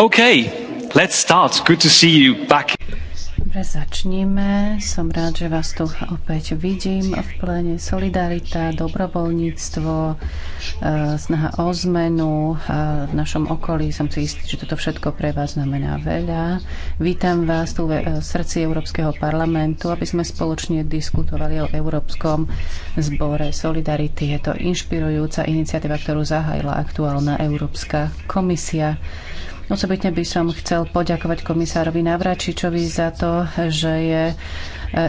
Okay, let's start. Good to see you back. Dobre, začneme. Som rád, že vás tu opäť vidím v plene. Solidarita, dobrovoľníctvo, e, snaha o zmenu e, v našom okolí. Som si istý, že toto všetko pre vás znamená veľa. Vítam vás tu e, v srdci Európskeho parlamentu, aby sme spoločne diskutovali o Európskom zbore Solidarity. Je to inšpirujúca iniciatíva, ktorú zahájila aktuálna Európska komisia. Osobitne by som chcel poďakovať komisárovi Navračičovi za to, že je e,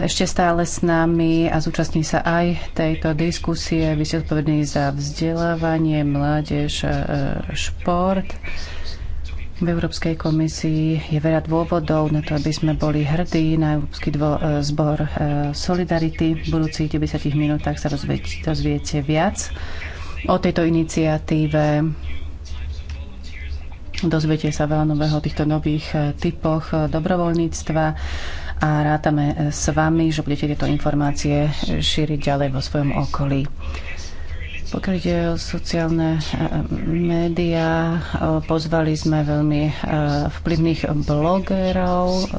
ešte stále s nami a zúčastní sa aj tejto diskusie. Vy ste odpovední za vzdelávanie, mládež, e, šport. V Európskej komisii je veľa dôvodov na to, aby sme boli hrdí na Európsky dvo- e, zbor Solidarity. V budúcich 90 minútach sa dozviete viac o tejto iniciatíve Dozviete sa veľa nového o týchto nových e, typoch e, dobrovoľníctva a rátame e, s vami, že budete tieto informácie šíriť ďalej vo svojom okolí. Pokiaľ ide o sociálne médiá, pozvali sme veľmi vplyvných blogerov,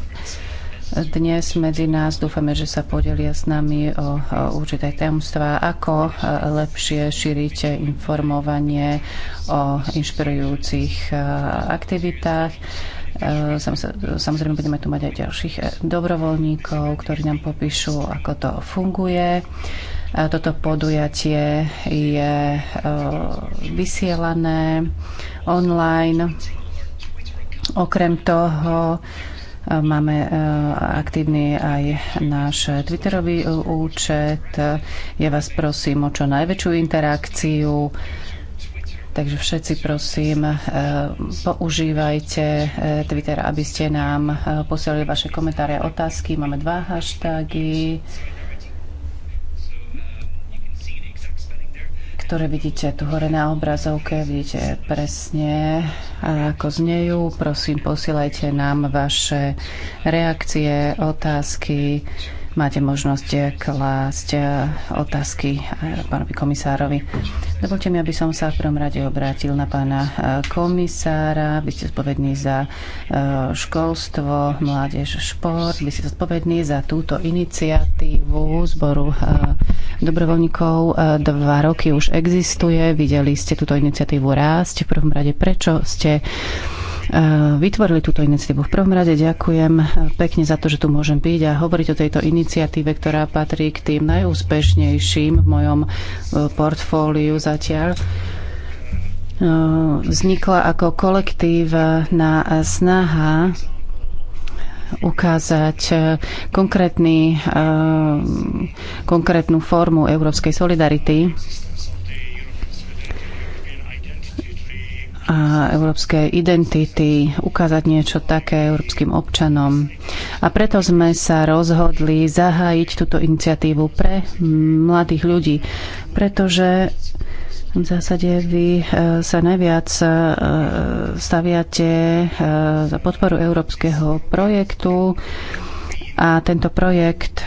dnes medzi nás. Dúfame, že sa podelia s nami o, určité tajomstvá, ako e, lepšie šíriť informovanie o inšpirujúcich e, aktivitách. E, samozrejme, budeme tu mať aj ďalších dobrovoľníkov, ktorí nám popíšu, ako to funguje. Toto podujatie je vysielané online. Okrem toho, Máme e, aktívny aj náš Twitterový e, účet. Ja vás prosím o čo najväčšiu interakciu. Takže všetci prosím, e, používajte Twitter, aby ste nám posielali vaše komentáre a otázky. Máme dva hashtagy. ktoré vidíte tu hore na obrazovke. Vidíte presne, ako znejú. Prosím, posielajte nám vaše reakcie, otázky máte možnosť eh, klásť eh, otázky eh, pánovi komisárovi. Dovolte mi, aby som sa v prvom rade obrátil na pána komisára. Vy ste zodpovední za školstvo, mládež, šport. Vy ste zodpovední za túto iniciatívu zboru dobrovoľníkov. Dva roky už existuje. Videli ste túto iniciatívu rásť. V prvom rade, prečo ste Eh, vytvorili túto iniciatívu. V prvom rade ďakujem eh, pekne za to, že tu môžem byť a hovoriť o tejto iniciatíve, ktorá patrí k tým najúspešnejším v mojom eh, portfóliu zatiaľ vznikla ako na snaha ukázať konkrétny, konkrétnu formu európskej solidarity a európskej identity, ukázať niečo také európskym občanom. A preto sme sa rozhodli zahájiť túto iniciatívu pre mladých ľudí, pretože v zásade vy e, sa najviac e, staviate e, za podporu európskeho projektu a tento projekt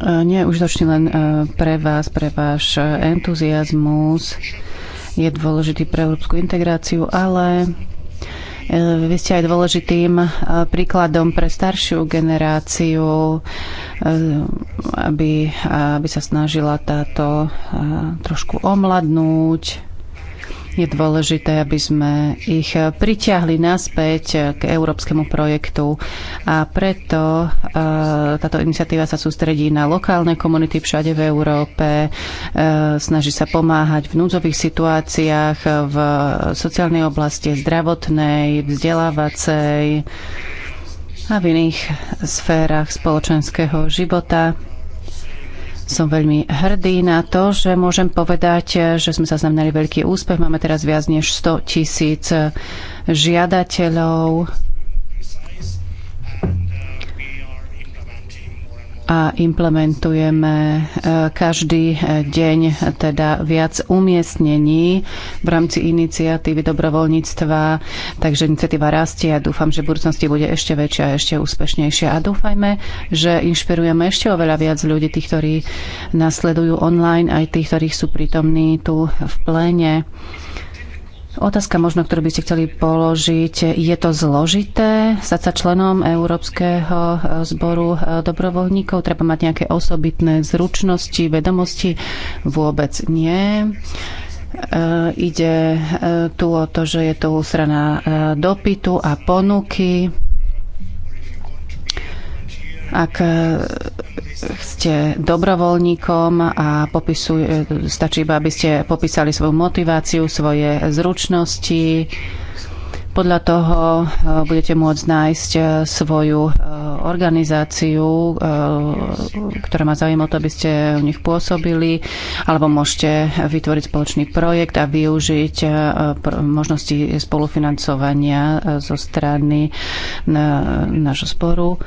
nie je užitočný len pre vás, pre váš entuziasmus, je dôležitý pre európsku integráciu, ale e, vy ste aj dôležitým e, príkladom pre staršiu generáciu, e, aby, aby sa snažila táto trošku omladnúť, je dôležité, aby sme ich priťahli naspäť k európskemu projektu a preto eh, táto iniciatíva sa sústredí na lokálne komunity všade v Európe, eh, snaží sa pomáhať v núdzových situáciách v sociálnej oblasti, zdravotnej, vzdelávacej a v iných sférach spoločenského života. Som veľmi hrdý na to, že môžem povedať, že sme zaznamenali veľký úspech. Máme teraz viac než 100 tisíc eh, žiadateľov a implementujeme e, každý e, deň teda viac umiestnení v rámci iniciatívy dobrovoľníctva, takže iniciatíva rastie a dúfam, že v budúcnosti bude ešte väčšia a ešte úspešnejšia. A dúfajme, že inšpirujeme ešte oveľa viac ľudí, tých, ktorí nasledujú online, aj tých, ktorých sú prítomní tu v pléne. Otázka možno, ktorú by ste chceli položiť. Je to zložité stať sa členom Európskeho eh, zboru eh, dobrovoľníkov? Treba mať nejaké osobitné zručnosti, vedomosti? Vôbec nie. Eh, ide tu o to, že je tu strana dopytu a ponuky ak e, ste dobrovoľníkom a popisuj, e, stačí iba, aby ste popísali svoju motiváciu, svoje zručnosti, podľa toho eh, budete môcť nájsť eh, svoju eh, organizáciu, ktorá má záujem o to, aby ste u nich pôsobili, alebo môžete vytvoriť spoločný projekt a využiť možnosti spolufinancovania zo strany nášho sporu.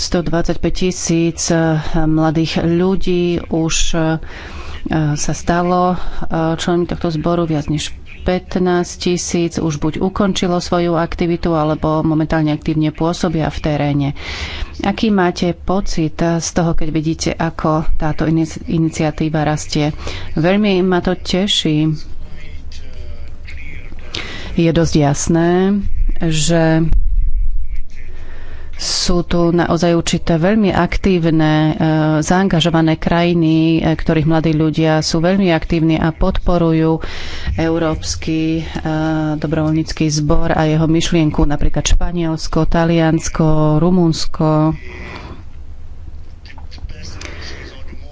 125 tisíc mladých ľudí už sa stalo členmi tohto zboru viac než 15 tisíc už buď ukončilo svoju aktivitu, alebo momentálne aktívne pôsobia v teréne. Aký máte pocit z toho, keď vidíte, ako táto iniciatíva rastie? Veľmi ma to teší. Je dosť jasné, že sú tu naozaj určité veľmi aktívne, e, zaangažované krajiny, e, ktorých mladí ľudia sú veľmi aktívni a podporujú Európsky e, dobrovoľnícky zbor a jeho myšlienku, napríklad Španielsko, Taliansko, Rumunsko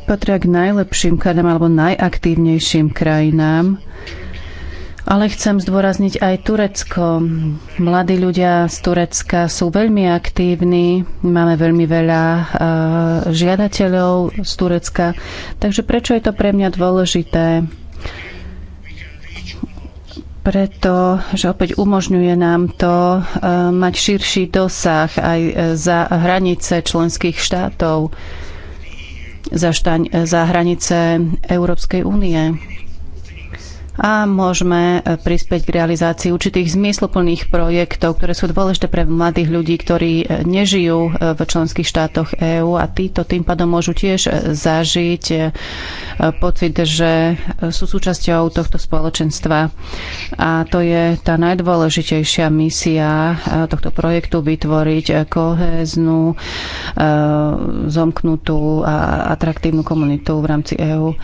patria k najlepším krajinám alebo najaktívnejším krajinám ale chcem zdôrazniť aj Turecko. Mladí ľudia z Turecka sú veľmi aktívni, máme veľmi veľa e, žiadateľov z Turecka. Takže prečo je to pre mňa dôležité? preto, že opäť umožňuje nám to e, mať širší dosah aj e, za hranice členských štátov, za, štaň, za hranice Európskej únie a môžeme e, prispieť k realizácii určitých zmysluplných projektov, ktoré sú dôležité pre mladých ľudí, ktorí e, nežijú e, v členských štátoch EÚ a títo tým pádom môžu tiež zažiť pocit, že sú súčasťou tohto spoločenstva. A to je tá najdôležitejšia misia tohto projektu vytvoriť kohéznu, zomknutú a atraktívnu komunitu v rámci EÚ.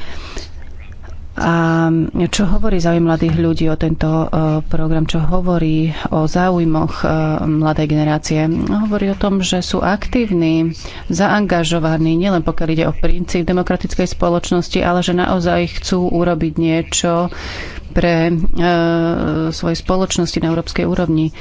A čo hovorí záujem mladých ľudí o tento e, program? Čo hovorí o záujmoch e, mladej generácie? Hovorí o tom, že sú aktívni, zaangažovaní, nielen pokiaľ ide o princíp demokratickej spoločnosti, ale že naozaj chcú urobiť niečo pre e, svoje spoločnosti na európskej úrovni.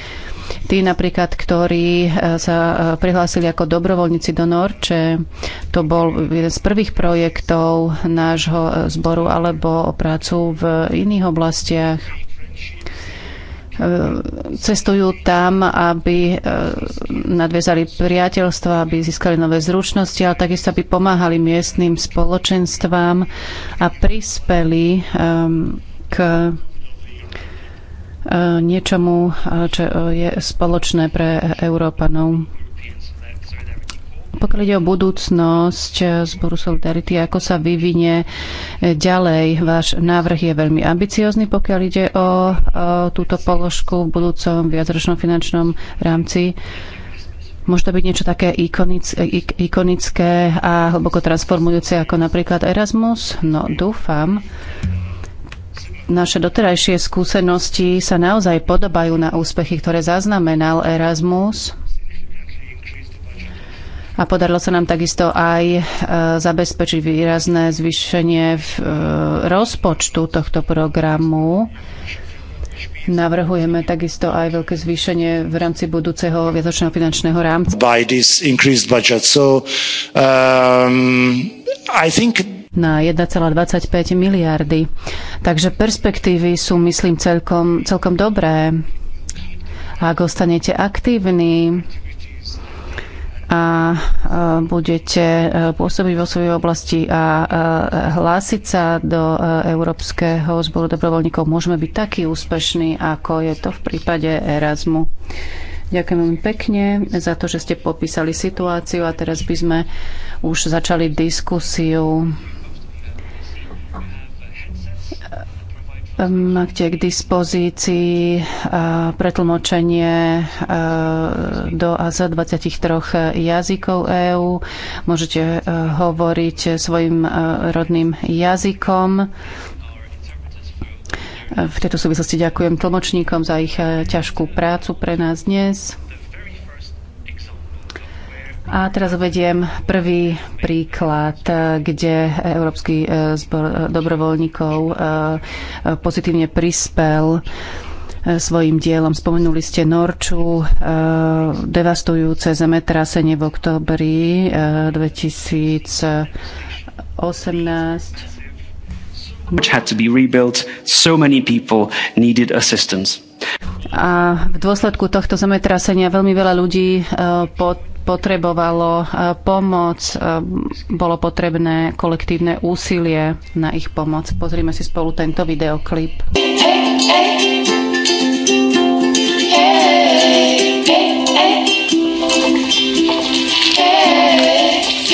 Tí napríklad, ktorí e, sa e, prihlásili ako dobrovoľníci do Norče, to bol jeden z prvých projektov nášho e, zboru alebo o prácu v iných oblastiach cestujú tam, aby nadviezali priateľstva, aby získali nové zručnosti, ale takisto aby pomáhali miestnym spoločenstvám a prispeli k e, niečomu, e, čo je spoločné pre Európanov. Pokiaľ ide o budúcnosť zboru Solidarity, ako sa vyvinie ďalej, váš návrh je veľmi ambiciózny, pokiaľ ide o, o túto položku v budúcom viacročnom finančnom rámci. Môže to byť niečo také ikonic, ik, ikonické a hlboko transformujúce ako napríklad Erasmus? No, dúfam naše doterajšie skúsenosti sa naozaj podobajú na úspechy, ktoré zaznamenal Erasmus. A podarilo sa nám takisto aj e, zabezpečiť výrazné zvýšenie v e, rozpočtu tohto programu. Navrhujeme takisto aj veľké zvýšenie v rámci budúceho viacročného finančného rámca. By this increased budget. So, um, I think na 1,25 miliardy. Takže perspektívy sú, myslím, celkom, celkom dobré. Ak ostanete aktívni, a budete e, pôsobiť vo svojej oblasti a e, hlásiť sa do e, Európskeho zboru dobrovoľníkov, môžeme byť takí úspešní, ako je to v prípade Erasmu. Ďakujem veľmi pekne za to, že ste popísali situáciu a teraz by sme už začali diskusiu. Ehm, máte k dispozícii eh, pretlmočenie eh, do a za 23 jazykov EÚ. Môžete eh, hovoriť svojim rodným jazykom. V tejto súvislosti ďakujem tlmočníkom za ich ťažkú prácu pre nás dnes. A teraz uvediem prvý príklad, kde Európsky e, zbor e, dobrovoľníkov e, pozitívne prispel svojim dielom. Spomenuli ste Norču, devastujúce zemetrasenie v oktobri 2018 which had to be rebuilt. So many people needed assistance. A v dôsledku tohto zemetrasenia veľmi veľa ľudí e, potrebovalo e, pomoc, e, bolo potrebné kolektívne úsilie na ich pomoc. Pozrime si spolu tento videoklip.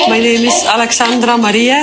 My name is Alexandra Maria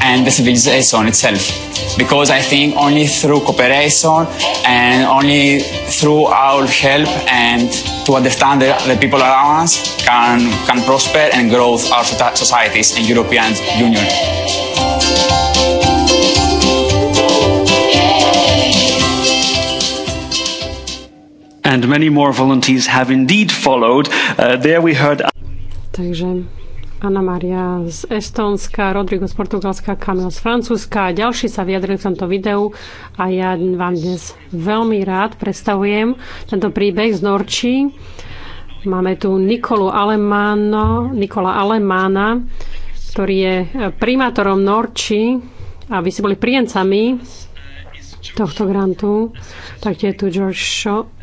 and the civilization itself. Because I think only through cooperation and only through our help and to understand the, the people around us can, can prosper and grow our societies and European Union. And many more volunteers have indeed followed. Uh, there we heard. Takže Anna Maria z Estónska, Rodrigo z Portugalska, Kamil z Francúzska a ďalší sa vyjadrili v tomto videu a ja vám dnes veľmi rád predstavujem tento príbeh z Norčí. Máme tu Nikolu Alemáno, Nikola Alemána, ktorý je eh, primátorom Norči a vy ste boli príjemcami tohto grantu. Taktie je tu George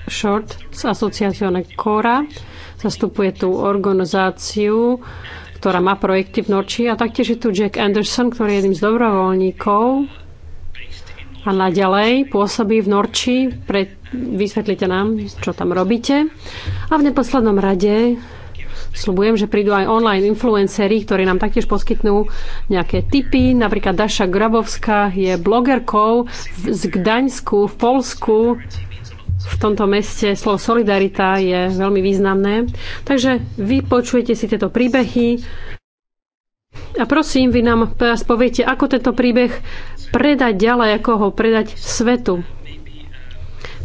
Short z asociácie Cora. Zastupuje tú organizáciu ktorá má projekty v Norči a taktiež je tu Jack Anderson, ktorý je jedným z dobrovoľníkov a naďalej pôsobí v Norči. Pre, vysvetlite nám, čo tam robíte. A v neposlednom rade Slubujem, že prídu aj online influenceri, ktorí nám taktiež poskytnú nejaké tipy. Napríklad Daša Grabovská je blogerkou z Gdaňsku v Polsku v tomto meste slovo solidarita je veľmi významné. Takže vy počujete si tieto príbehy a prosím, vy nám teraz poviete, ako tento príbeh predať ďalej, ako ho predať svetu.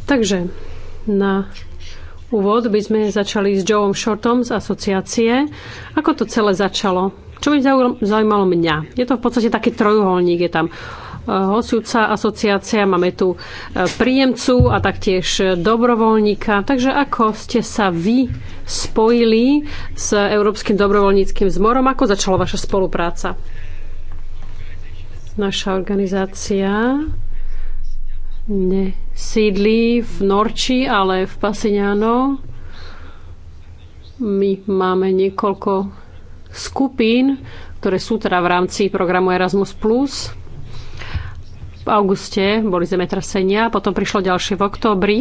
Takže na úvod by sme začali s Joeom Shortom z asociácie. Ako to celé začalo? Čo by zaujímalo mňa? Je to v podstate taký trojuholník. Je tam hostujúca eh, asociácia, máme tu eh, príjemcu a taktiež dobrovoľníka. Takže ako ste sa vy spojili s Európskym dobrovoľníckým zmorom? Ako začala vaša spolupráca? Naša organizácia nesídli v Norči, ale v Pasiňano. My máme niekoľko skupín, ktoré sú teda v rámci programu Erasmus+. V auguste boli zemetrasenia, potom prišlo ďalšie v októbri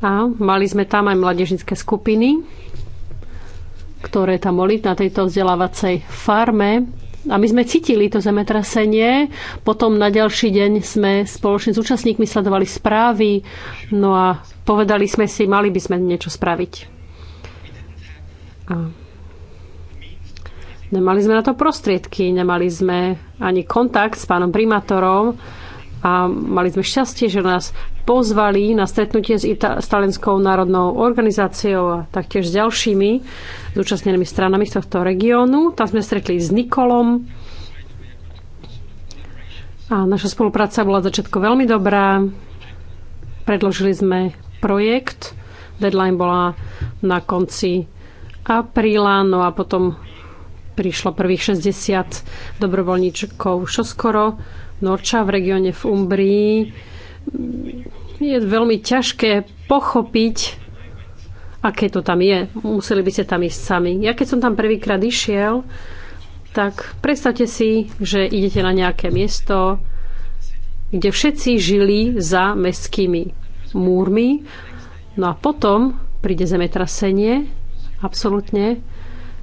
a mali sme tam aj mladežnické skupiny, ktoré tam boli na tejto vzdelávacej farme. A my sme cítili to zemetrasenie. Potom na ďalší deň sme spoločne s účastníkmi sledovali správy. No a povedali sme si, mali by sme niečo spraviť. A Nemali sme na to prostriedky, nemali sme ani kontakt s pánom primátorom a mali sme šťastie, že nás pozvali na stretnutie s, Ita- národnou organizáciou a taktiež s ďalšími zúčastnenými stranami z tohto regiónu. Tam sme stretli s Nikolom a naša spolupráca bola začiatko veľmi dobrá. Predložili sme projekt. Deadline bola na konci apríla, no a potom prišlo prvých 60 dobrovoľníčkov Šoskoro, Norča v regióne v Umbrii. Je veľmi ťažké pochopiť, aké to tam je. Museli by ste tam ísť sami. Ja keď som tam prvýkrát išiel, tak predstavte si, že idete na nejaké miesto, kde všetci žili za mestskými múrmi. No a potom príde zemetrasenie, absolútne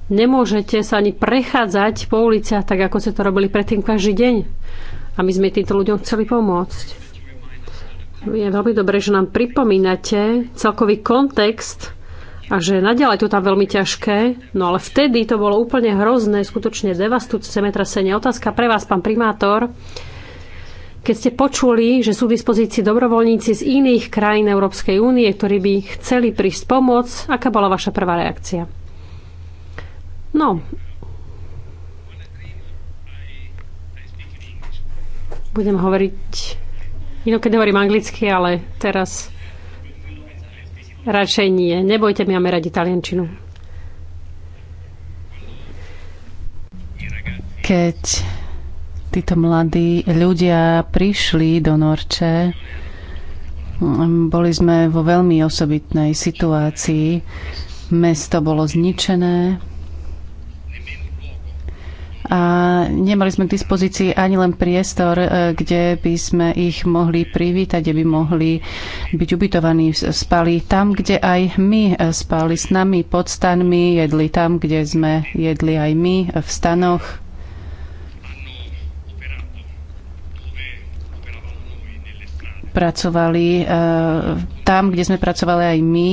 Nemôžete sa ani prechádzať po uliciach tak, ako ste to robili predtým každý deň. A my sme týmto ľuďom chceli pomôcť. Je veľmi dobré, že nám pripomínate celkový kontext a že naďalej to tam veľmi ťažké. No ale vtedy to bolo úplne hrozné, skutočne devastujúce zemetrasenie. Otázka pre vás, pán primátor. Keď ste počuli, že sú v dispozícii dobrovoľníci z iných krajín Európskej únie, ktorí by chceli prísť pomôcť, aká bola vaša prvá reakcia? No, budem hovoriť... Inokedy hovorím anglicky, ale teraz radšej nie. Nebojte, my máme radi taliančinu. Keď títo mladí ľudia prišli do Norče, boli sme vo veľmi osobitnej situácii. Mesto bolo zničené, a nemali sme k dispozícii ani len priestor, e, kde by sme ich mohli privítať, kde by mohli byť ubytovaní, spali tam, kde aj my e, spali s nami pod stanmi, jedli tam, kde sme jedli aj my e, v stanoch. pracovali tam, kde sme pracovali aj my,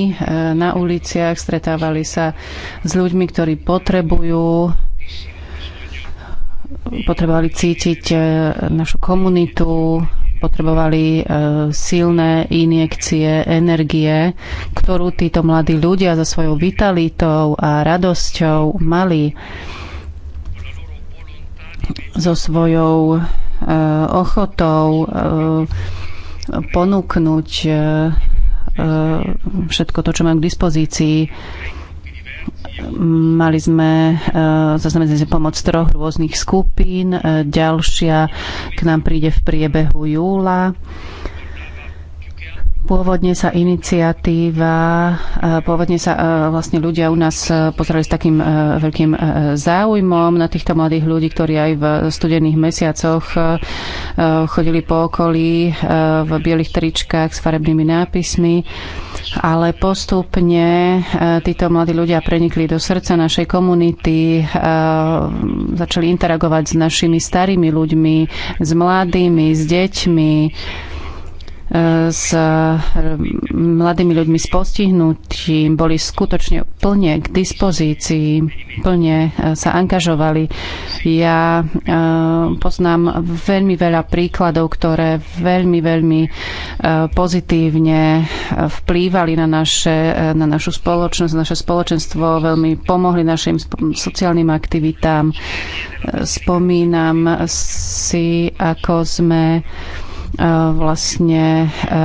na uliciach, stretávali sa s ľuďmi, ktorí potrebujú potrebovali cítiť e, našu komunitu, potrebovali e, silné injekcie energie, ktorú títo mladí ľudia so svojou vitalitou a radosťou mali so svojou e, ochotou ponúknuť všetko to, čo majú k dispozícii Mali sme eh, zaznamenali sme pomoc troch rôznych skupín. Eh, ďalšia k nám príde v priebehu júla. Pôvodne sa iniciatíva, e, pôvodne sa e, vlastne ľudia u nás e, pozerali s takým veľkým záujmom na týchto mladých ľudí, ktorí aj v studených mesiacoch chodili po okolí v bielých tričkách s farebnými nápismi, ale postupne títo mladí ľudia prenikli do srdca našej komunity, začali interagovať s našimi starými ľuďmi, s mladými, s deťmi, s eh, mladými ľuďmi s postihnutím boli skutočne plne k dispozícii, plne eh, sa angažovali. Ja eh, poznám veľmi veľa príkladov, ktoré veľmi, veľmi pozitívne vplývali na, naše, na našu spoločnosť, na naše spoločenstvo, veľmi pomohli našim sociálnym aktivitám. Spomínam si, ako sme E, vlastne e,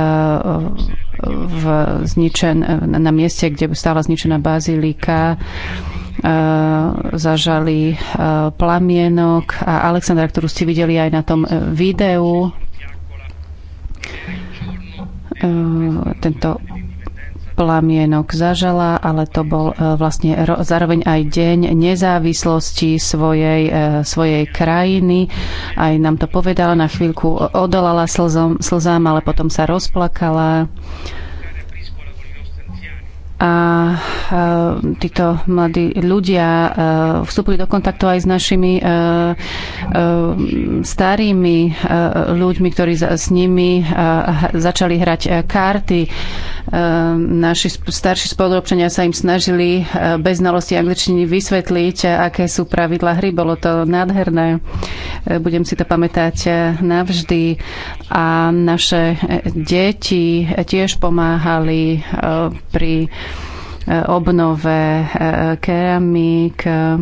v zničen, na mieste, kde stála zničená bazilika e, zažali plamienok a Alexandra, ktorú ste videli aj na tom videu, tento plamienok zažala, ale to bol e, vlastne zároveň aj deň nezávislosti svojej, e, svojej krajiny. Aj nám to povedala, na chvíľku odolala slzom, slzám, ale potom sa rozplakala a títo mladí ľudia vstupujú do kontaktu aj s našimi starými ľuďmi, ktorí s nimi začali hrať karty. Naši starší spoluobčania sa im snažili bez znalosti angličtiny vysvetliť, aké sú pravidla hry. Bolo to nádherné. Budem si to pamätať navždy. A naše e, deti tiež pomáhali pri Eh, obnove eh, keramík. Eh,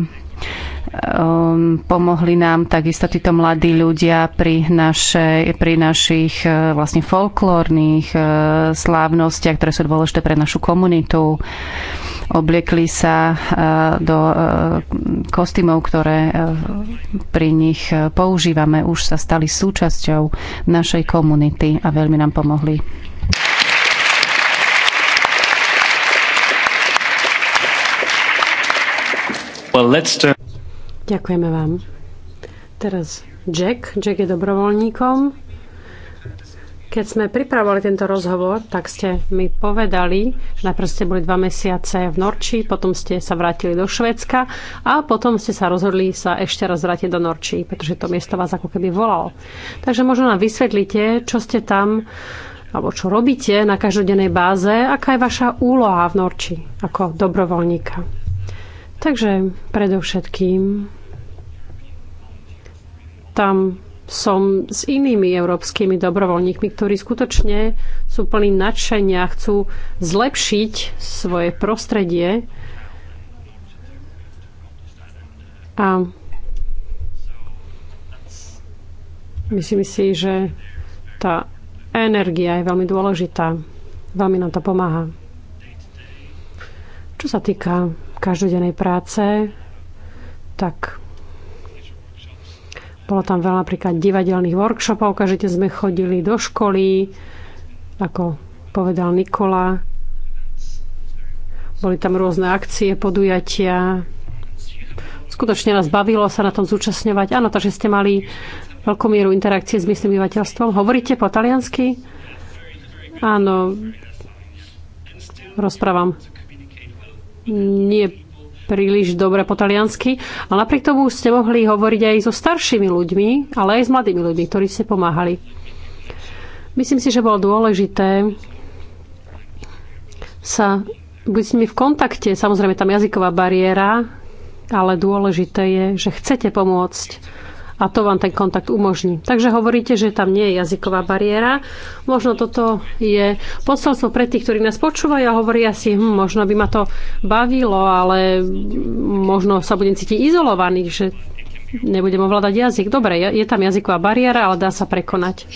um, pomohli nám takisto títo mladí ľudia pri, naše, pri našich vlastne folklórnych slávnostiach, ktoré sú dôležité pre našu komunitu obliekli sa do kostýmov, ktoré pri nich používame, už sa stali súčasťou našej komunity a veľmi nám pomohli. Ďakujeme vám. Teraz Jack. Jack je dobrovoľníkom. Keď sme pripravovali tento rozhovor, tak ste mi povedali, že najprv ste boli dva mesiace v Norči, potom ste sa vrátili do Švedska a potom ste sa rozhodli sa ešte raz vrátiť do Norči, pretože to miesto vás ako keby volalo. Takže možno nám vysvetlíte, čo ste tam alebo čo robíte na každodennej báze, aká je vaša úloha v Norči ako dobrovoľníka. Takže predovšetkým tam som s inými európskymi dobrovoľníkmi, ktorí skutočne sú plní nadšenia, chcú zlepšiť svoje prostredie. A myslím si, že tá energia je veľmi dôležitá. Veľmi nám to pomáha. Čo sa týka každodennej práce, tak bolo tam veľa napríklad divadelných workshopov, každý sme chodili do školy, ako povedal Nikola. Boli tam rôzne akcie, podujatia. Skutočne nás bavilo sa na tom zúčastňovať. Áno, takže ste mali veľkú mieru interakcie s miestnym obyvateľstvom. Hovoríte po taliansky? Áno, rozprávam nie príliš dobre po taliansky. ale napriek tomu ste mohli hovoriť aj so staršími ľuďmi, ale aj s mladými ľuďmi, ktorí ste pomáhali. Myslím si, že bolo dôležité sa byť s nimi v kontakte. Samozrejme, tam jazyková bariéra, ale dôležité je, že chcete pomôcť a to vám ten kontakt umožní. Takže hovoríte, že tam nie je jazyková bariéra. Možno toto je posolstvo pre tých, ktorí nás počúvajú a hovoria si, hm, možno by ma to bavilo, ale možno sa budem cítiť izolovaný, že nebudem ovládať jazyk. Dobre, je tam jazyková bariéra, ale dá sa prekonať.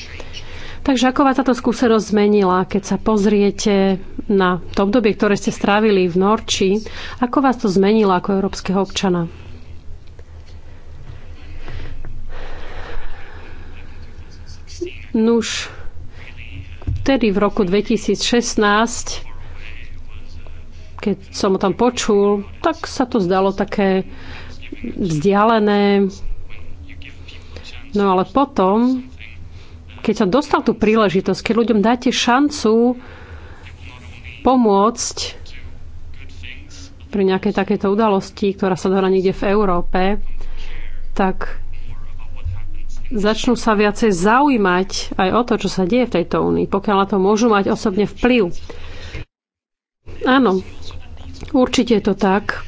Takže ako vás táto skúsenosť zmenila, keď sa pozriete na to obdobie, ktoré ste strávili v Norči? Ako vás to zmenilo ako európskeho občana? Nuž, vtedy v roku 2016, keď som ho tam počul, tak sa to zdalo také vzdialené. No ale potom, keď som dostal tú príležitosť, keď ľuďom dáte šancu pomôcť pri nejakej takéto udalosti, ktorá sa dohrá niekde v Európe, tak začnú sa viacej zaujímať aj o to, čo sa deje v tejto únii, pokiaľ na to môžu mať osobne vplyv. Áno, určite je to tak.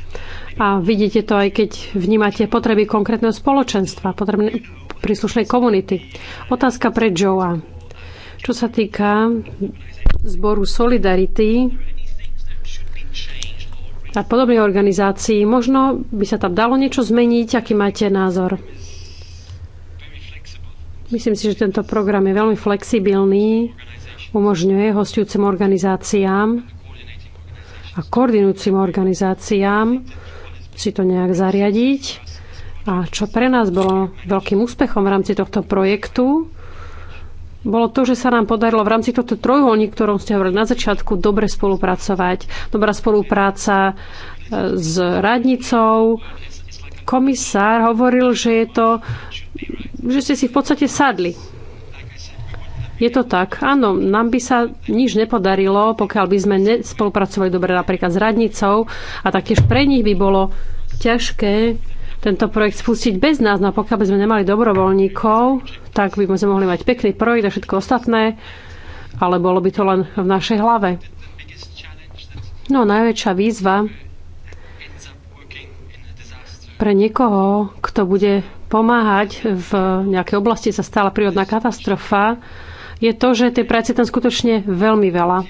A vidíte to aj keď vnímate potreby konkrétneho spoločenstva, potrebné príslušnej komunity. Otázka pre Joa. Čo sa týka zboru Solidarity a podobných organizácií, možno by sa tam dalo niečo zmeniť, aký máte názor? Myslím si, že tento program je veľmi flexibilný, umožňuje hostujúcim organizáciám a koordinujúcim organizáciám si to nejak zariadiť. A čo pre nás bolo veľkým úspechom v rámci tohto projektu, bolo to, že sa nám podarilo v rámci tohto trojuholníka, ktorom ste hovorili na začiatku, dobre spolupracovať. Dobrá spolupráca e, s radnicou, komisár hovoril, že je to, že ste si v podstate sadli. Je to tak. Áno, nám by sa nič nepodarilo, pokiaľ by sme nespolupracovali dobre napríklad s radnicou a taktiež pre nich by bolo ťažké tento projekt spustiť bez nás. No a pokiaľ by sme nemali dobrovoľníkov, tak by sme mohli mať pekný projekt a všetko ostatné, ale bolo by to len v našej hlave. No, najväčšia výzva, pre niekoho, kto bude pomáhať v nejakej oblasti, sa stala prírodná katastrofa, je to, že tej práce tam skutočne veľmi veľa.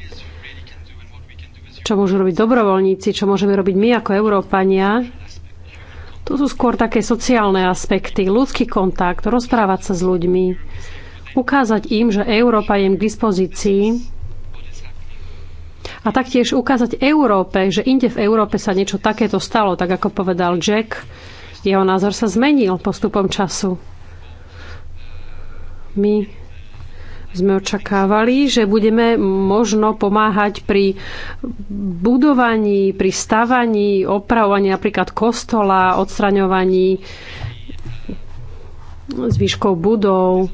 Čo môžu robiť dobrovoľníci, čo môžeme robiť my ako Európania, to sú skôr také sociálne aspekty, ľudský kontakt, rozprávať sa s ľuďmi, ukázať im, že Európa je im k dispozícii a taktiež ukázať Európe, že inde v Európe sa niečo takéto stalo, tak ako povedal Jack. Jeho názor sa zmenil postupom času. My sme očakávali, že budeme možno pomáhať pri budovaní, pri stavaní, opravovaní napríklad kostola, odstraňovaní zvyškov budov,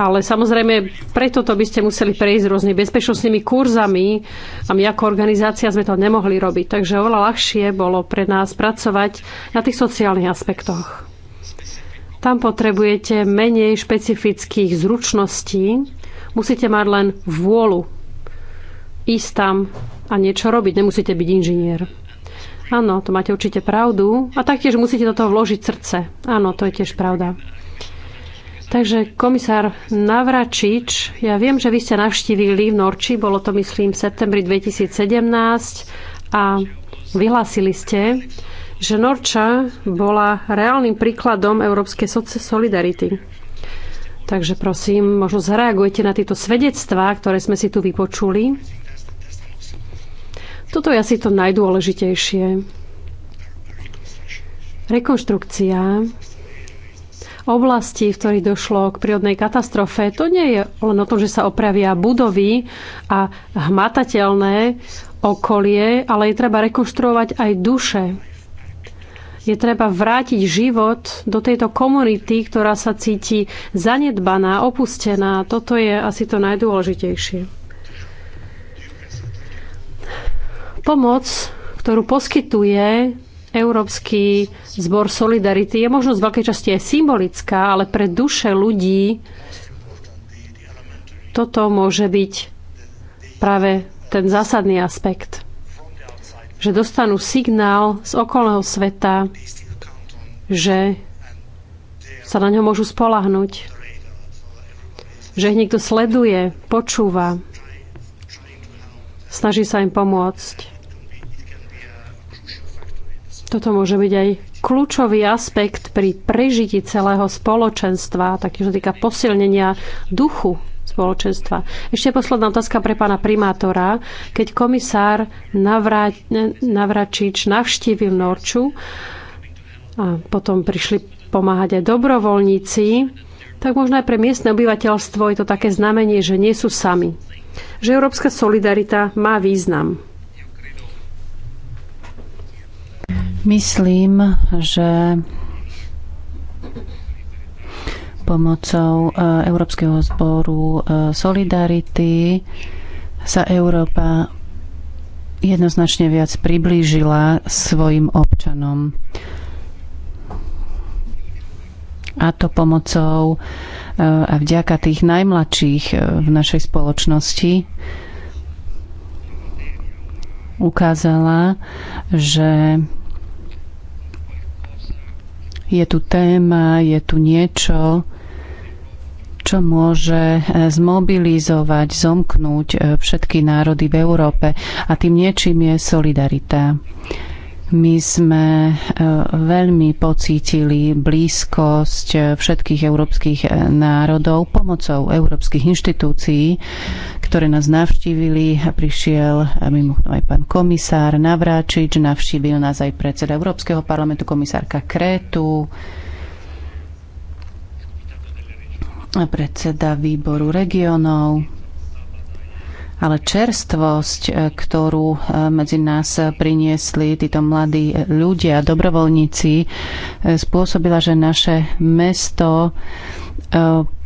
ale samozrejme, preto to by ste museli prejsť rôznymi bezpečnostnými kurzami a my ako organizácia sme to nemohli robiť. Takže oveľa ľahšie bolo pre nás pracovať na tých sociálnych aspektoch. Tam potrebujete menej špecifických zručností, musíte mať len vôľu ísť tam a niečo robiť. Nemusíte byť inžinier. Áno, to máte určite pravdu. A taktiež musíte do toho vložiť srdce. Áno, to je tiež pravda. Takže komisár Navračič, ja viem, že vy ste navštívili v Norči, bolo to myslím v septembri 2017 a vyhlásili ste, že Norča bola reálnym príkladom európskej solidarity. Takže prosím, možno zareagujete na tieto svedectvá, ktoré sme si tu vypočuli. Toto je asi to najdôležitejšie. Rekonštrukcia oblasti, v ktorých došlo k prírodnej katastrofe, to nie je len o tom, že sa opravia budovy a hmatateľné okolie, ale je treba rekonštruovať aj duše. Je treba vrátiť život do tejto komunity, ktorá sa cíti zanedbaná, opustená. Toto je asi to najdôležitejšie. Pomoc, ktorú poskytuje Európsky zbor Solidarity je možno z veľkej časti aj symbolická, ale pre duše ľudí toto môže byť práve ten zásadný aspekt. Že dostanú signál z okolného sveta, že sa na ňo môžu spolahnuť. Že ich niekto sleduje, počúva, snaží sa im pomôcť. Toto môže byť aj kľúčový aspekt pri prežití celého spoločenstva, takže sa týka posilnenia duchu spoločenstva. Ešte posledná otázka pre pána primátora. Keď komisár Navračič navštívil Norču a potom prišli pomáhať aj dobrovoľníci, tak možno aj pre miestne obyvateľstvo je to také znamenie, že nie sú sami. Že európska solidarita má význam. Myslím, že pomocou e, Európskeho zboru e, Solidarity sa Európa jednoznačne viac priblížila svojim občanom. A to pomocou e, a vďaka tých najmladších v našej spoločnosti ukázala, že je tu téma, je tu niečo, čo môže e, zmobilizovať, zomknúť e, všetky národy v Európe. A tým niečím je solidarita. My sme e, veľmi pocítili blízkosť e, všetkých európskych e, národov pomocou európskych inštitúcií, ktoré nás navštívili. Prišiel mimochodom aj pán komisár Navráčič, navštívil nás aj predseda Európskeho parlamentu, komisárka Krétu, predseda výboru regionov ale čerstvosť, e, ktorú e, medzi nás priniesli títo mladí ľudia, dobrovoľníci, e, spôsobila, že naše mesto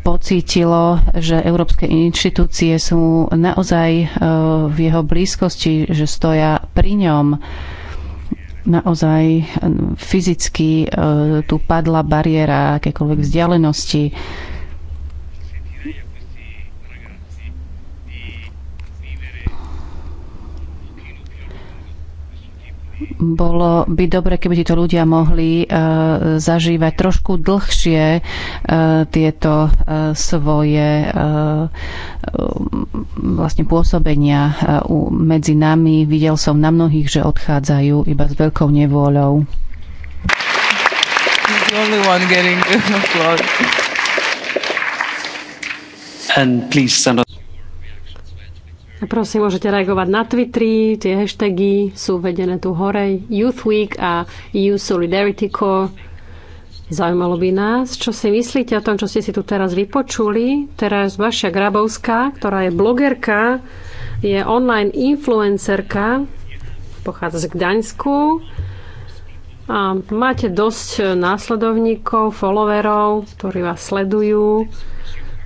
pocítilo, že európske inštitúcie sú naozaj v jeho blízkosti, že stoja pri ňom naozaj fyzicky tu padla bariéra akékoľvek vzdialenosti. bolo by dobre, keby títo ľudia mohli e, zažívať trošku dlhšie e, tieto e, svoje vlastne pôsobenia medzi nami. Videl som na mnohých, že odchádzajú iba s veľkou nevôľou. And please send Prosím, môžete reagovať na Twitteri, tie hashtagy sú vedené tu hore. Youth Week a EU Solidarity Corps. Zaujímalo by nás, čo si myslíte o tom, čo ste si tu teraz vypočuli. Teraz Vaša Grabovská, ktorá je blogerka, je online influencerka, pochádza z Gdaňsku. A máte dosť následovníkov, followerov, ktorí vás sledujú.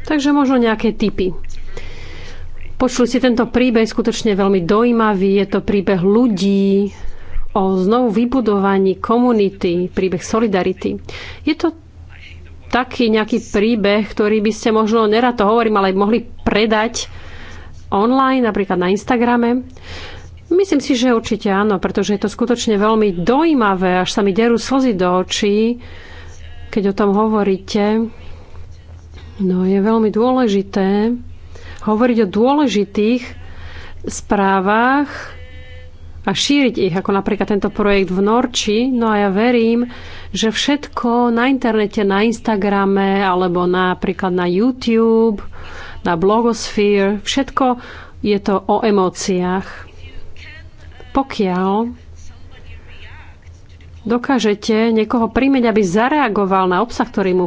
Takže možno nejaké tipy Počuli si tento príbeh, skutočne veľmi dojímavý. Je to príbeh ľudí o znovu vybudovaní komunity, príbeh solidarity. Je to taký nejaký príbeh, ktorý by ste možno, nerad to hovorím, ale mohli predať online, napríklad na Instagrame. Myslím si, že určite áno, pretože je to skutočne veľmi dojímavé, až sa mi derú slzy do očí, keď o tom hovoríte. No je veľmi dôležité, hovoriť o dôležitých správach a šíriť ich, ako napríklad tento projekt v Norči. No a ja verím, že všetko na internete, na Instagrame alebo napríklad na YouTube, na blogosphere, všetko je to o emóciách. Pokiaľ dokážete niekoho príjmeť, aby zareagoval na obsah, ktorý mu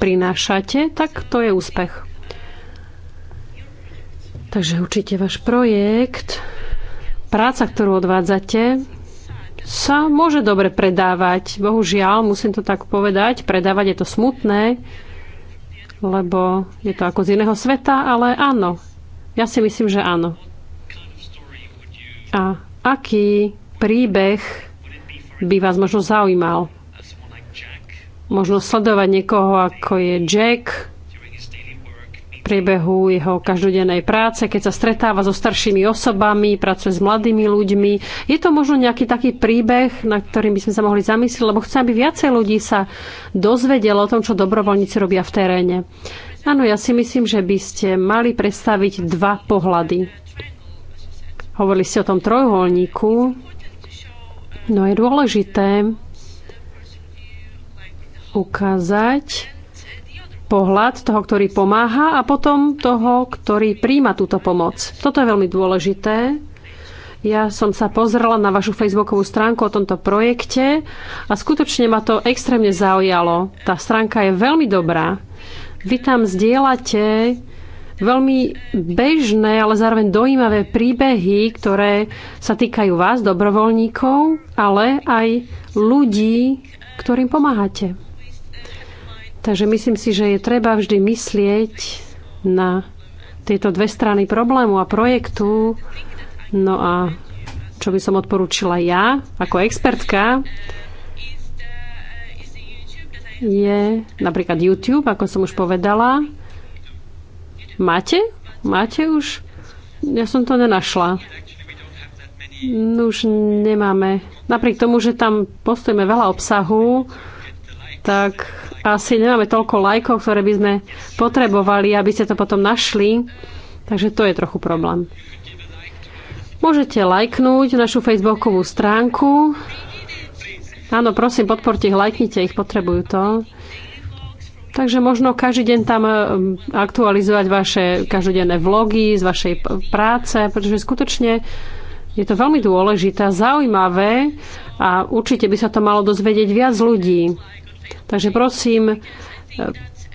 prinášate, tak to je úspech. Takže určite váš projekt, práca, ktorú odvádzate, sa môže dobre predávať. Bohužiaľ, musím to tak povedať, predávať je to smutné, lebo je to ako z iného sveta, ale áno. Ja si myslím, že áno. A aký príbeh by vás možno zaujímal? Možno sledovať niekoho, ako je Jack, priebehu jeho každodennej práce, keď sa stretáva so staršími osobami, pracuje s mladými ľuďmi. Je to možno nejaký taký príbeh, na ktorým by sme sa mohli zamyslieť, lebo chcem, aby viacej ľudí sa dozvedelo o tom, čo dobrovoľníci robia v teréne. Áno, ja si myslím, že by ste mali predstaviť dva pohľady. Hovorili ste o tom trojuholníku. No je dôležité ukázať, pohľad toho, ktorý pomáha a potom toho, ktorý príjma túto pomoc. Toto je veľmi dôležité. Ja som sa pozrela na vašu facebookovú stránku o tomto projekte a skutočne ma to extrémne zaujalo. Tá stránka je veľmi dobrá. Vy tam zdieľate veľmi bežné, ale zároveň dojímavé príbehy, ktoré sa týkajú vás, dobrovoľníkov, ale aj ľudí, ktorým pomáhate. Takže myslím si, že je treba vždy myslieť na tieto dve strany problému a projektu. No a čo by som odporúčila ja ako expertka, je napríklad YouTube, ako som už povedala. Máte? Máte už? Ja som to nenašla. No už nemáme. Napriek tomu, že tam postujeme veľa obsahu, tak asi nemáme toľko lajkov, ktoré by sme potrebovali, aby ste to potom našli. Takže to je trochu problém. Môžete lajknúť našu facebookovú stránku. Áno, prosím, podporte ich, lajknite ich, potrebujú to. Takže možno každý deň tam e, aktualizovať vaše každodenné vlogy z vašej práce, pretože skutočne je to veľmi dôležité, zaujímavé a určite by sa to malo dozvedieť viac ľudí. Takže prosím, e,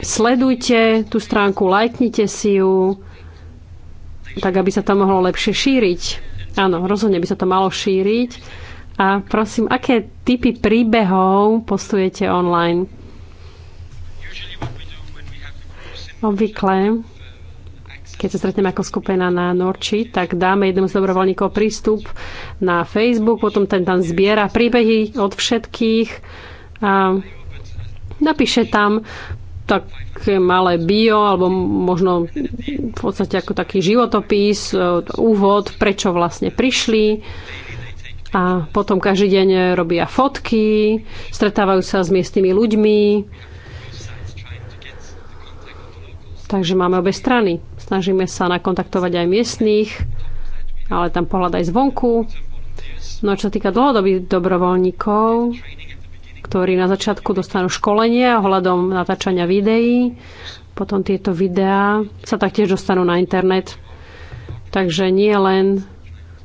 sledujte tú stránku, lajknite si ju, tak aby sa to mohlo lepšie šíriť. Áno, rozhodne by sa to malo šíriť. A prosím, aké typy príbehov postujete online? Obvykle, keď sa stretneme ako skupina na Norči, tak dáme jednému z dobrovoľníkov prístup na Facebook, potom ten tam zbiera príbehy od všetkých a napíše tam také malé bio, alebo možno v podstate ako taký životopis, e, úvod, prečo vlastne prišli. A potom každý deň robia fotky, stretávajú sa s miestnymi ľuďmi. Takže máme obe strany. Snažíme sa nakontaktovať aj miestných, ale tam pohľad aj zvonku. No čo sa týka dlhodobých dobrovoľníkov, ktorí na začiatku dostanú školenie ohľadom natáčania videí. Potom tieto videá sa taktiež dostanú na internet. Takže nie len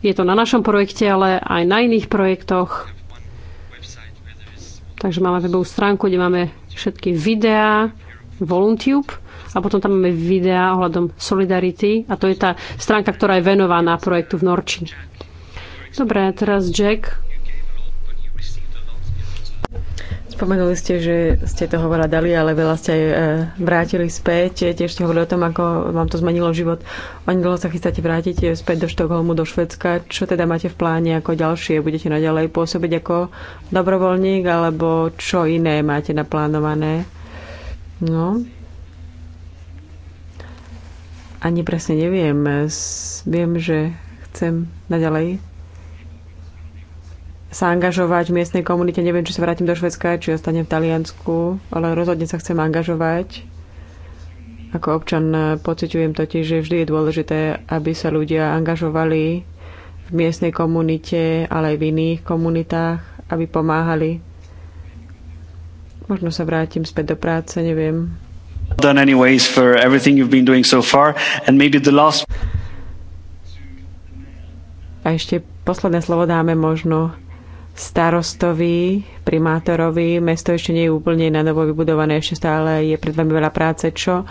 je to na našom projekte, ale aj na iných projektoch. Takže máme webovú stránku, kde máme všetky videá, Voluntube a potom tam máme videá ohľadom Solidarity a to je tá stránka, ktorá je venovaná projektu v Norči. Dobre, teraz Jack, Spomenuli ste, že ste toho veľa dali, ale veľa ste aj e, vrátili späť. E, tiež ste hovorili o tom, ako vám to zmenilo život. dlho sa chystáte vrátiť e, späť do Štokholmu, do Švedska. Čo teda máte v pláne ako ďalšie? Budete naďalej pôsobiť ako dobrovoľník, alebo čo iné máte naplánované? No. Ani presne neviem. Viem, že chcem naďalej sa angažovať v miestnej komunite. Neviem, či sa vrátim do Švedska, či ostanem v Taliansku, ale rozhodne sa chcem angažovať. Ako občan eh, pociťujem totiž, že vždy je dôležité, aby sa ľudia angažovali v miestnej komunite, ale aj v iných komunitách, aby pomáhali. Možno sa vrátim späť do práce, neviem. Done anyways for everything you've been doing so far and maybe the last A ešte posledné slovo dáme možno starostovi, primátorovi. Mesto ešte nie je úplne na novo vybudované, ešte stále je pred vami veľa práce. Čo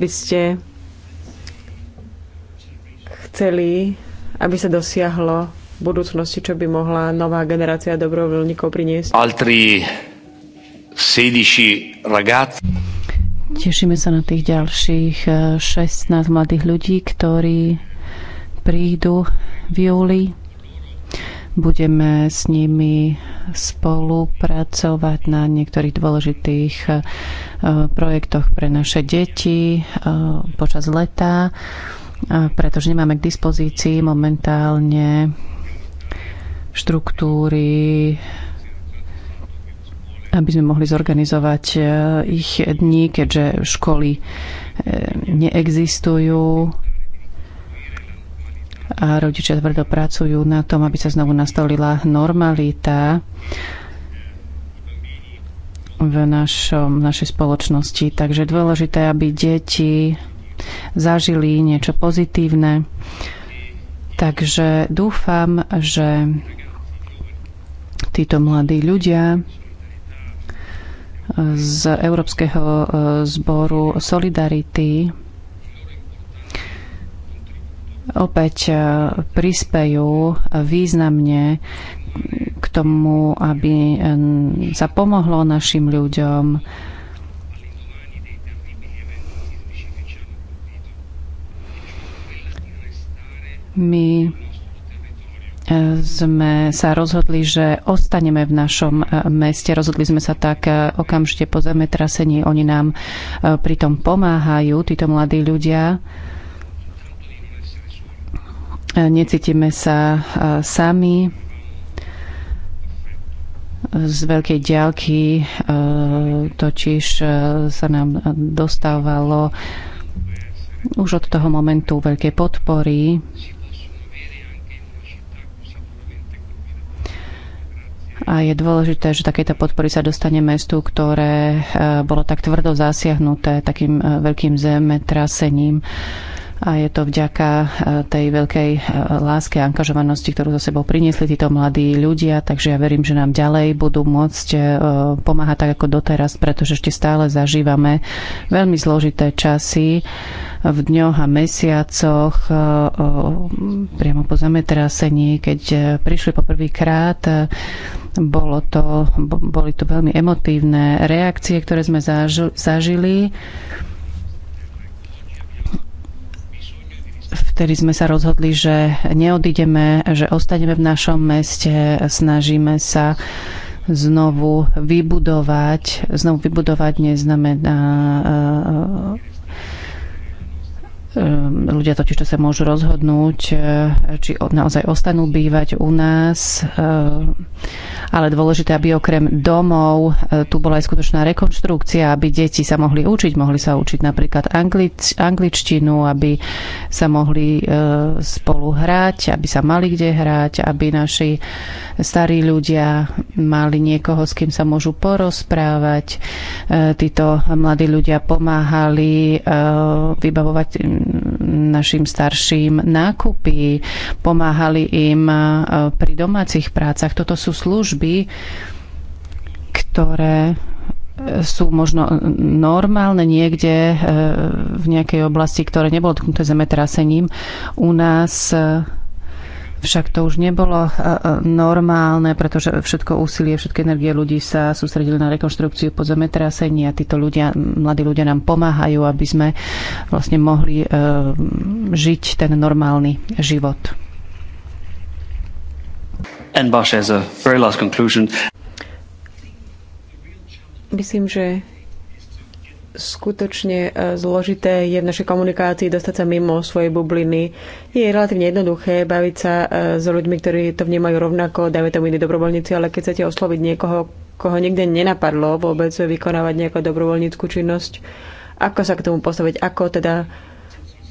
by ste chceli, aby sa dosiahlo v budúcnosti, čo by mohla nová generácia dobrovoľníkov priniesť? Altri 16 ragazzi. Tešíme sa na tých ďalších 16 eh, mladých ľudí, ktorí prídu v júli Budeme s nimi spolupracovať na niektorých dôležitých e, projektoch pre naše deti e, počas leta, e, pretože nemáme k dispozícii momentálne štruktúry aby sme mohli zorganizovať ich dní, keďže školy neexistujú a rodičia tvrdo pracujú na tom, aby sa znovu nastolila normalita v našom, našej spoločnosti. Takže dôležité, aby deti zažili niečo pozitívne. Takže dúfam, že títo mladí ľudia z Európskeho e, zboru Solidarity opäť e, prispejú významne k tomu, aby e, sa pomohlo našim ľuďom. My e, sme sa rozhodli, že ostaneme v našom meste. Rozhodli sme sa tak okamžite po zemetrasení. Oni nám pritom pomáhajú, títo mladí ľudia. Necítime sa sami. Z veľkej diaľky totiž sa nám dostávalo už od toho momentu veľkej podpory A je dôležité, že takéto podpory sa dostane mestu, ktoré bolo tak tvrdo zasiahnuté takým veľkým zemetrasením. trasením a je to vďaka e, tej veľkej e, láske a angažovanosti, ktorú za sebou priniesli títo mladí ľudia, takže ja verím, že nám ďalej budú môcť e, pomáhať tak ako doteraz, pretože ešte stále zažívame veľmi zložité časy v dňoch a mesiacoch priamo po zametrasení, keď prišli poprvýkrát bolo to, boli to veľmi emotívne reakcie, ktoré sme zažili vtedy sme sa rozhodli, že neodídeme, že ostaneme v našom meste, snažíme sa znovu vybudovať. Znovu vybudovať neznamená Ehm, ľudia totiž to sa môžu rozhodnúť, e, či naozaj ostanú bývať u nás, ehm, ale dôležité, aby okrem domov e, tu bola aj skutočná rekonštrukcia, aby deti sa mohli učiť, mohli sa učiť napríklad anglič, angličtinu, aby sa mohli e, spolu hrať, aby sa mali kde hrať, aby naši starí ľudia mali niekoho, s kým sa môžu porozprávať. Títo mladí ľudia pomáhali vybavovať našim starším nákupy, pomáhali im e, pri domácich prácach. Toto sú služby, ktoré e, sú možno normálne niekde e, v nejakej oblasti, ktoré nebolo dotknuté zemetrasením. U nás však to už nebolo e, e, normálne, pretože všetko úsilie, všetky energie ľudí sa sústredili na rekonštrukciu po zemetrasení a títo ľudia, mladí ľudia nám pomáhajú, aby sme vlastne mohli e, žiť ten normálny život. And Bosch has a very last conclusion. Myslím, že skutočne e, zložité je v našej komunikácii dostať sa mimo svojej bubliny. Je relatívne jednoduché baviť sa e, s ľuďmi, ktorí to vnímajú rovnako, dajme tomu iní dobrovoľníci, ale keď chcete osloviť niekoho, koho nikde nenapadlo vôbec vykonávať nejakú dobrovoľníckú činnosť, ako sa k tomu postaviť, ako teda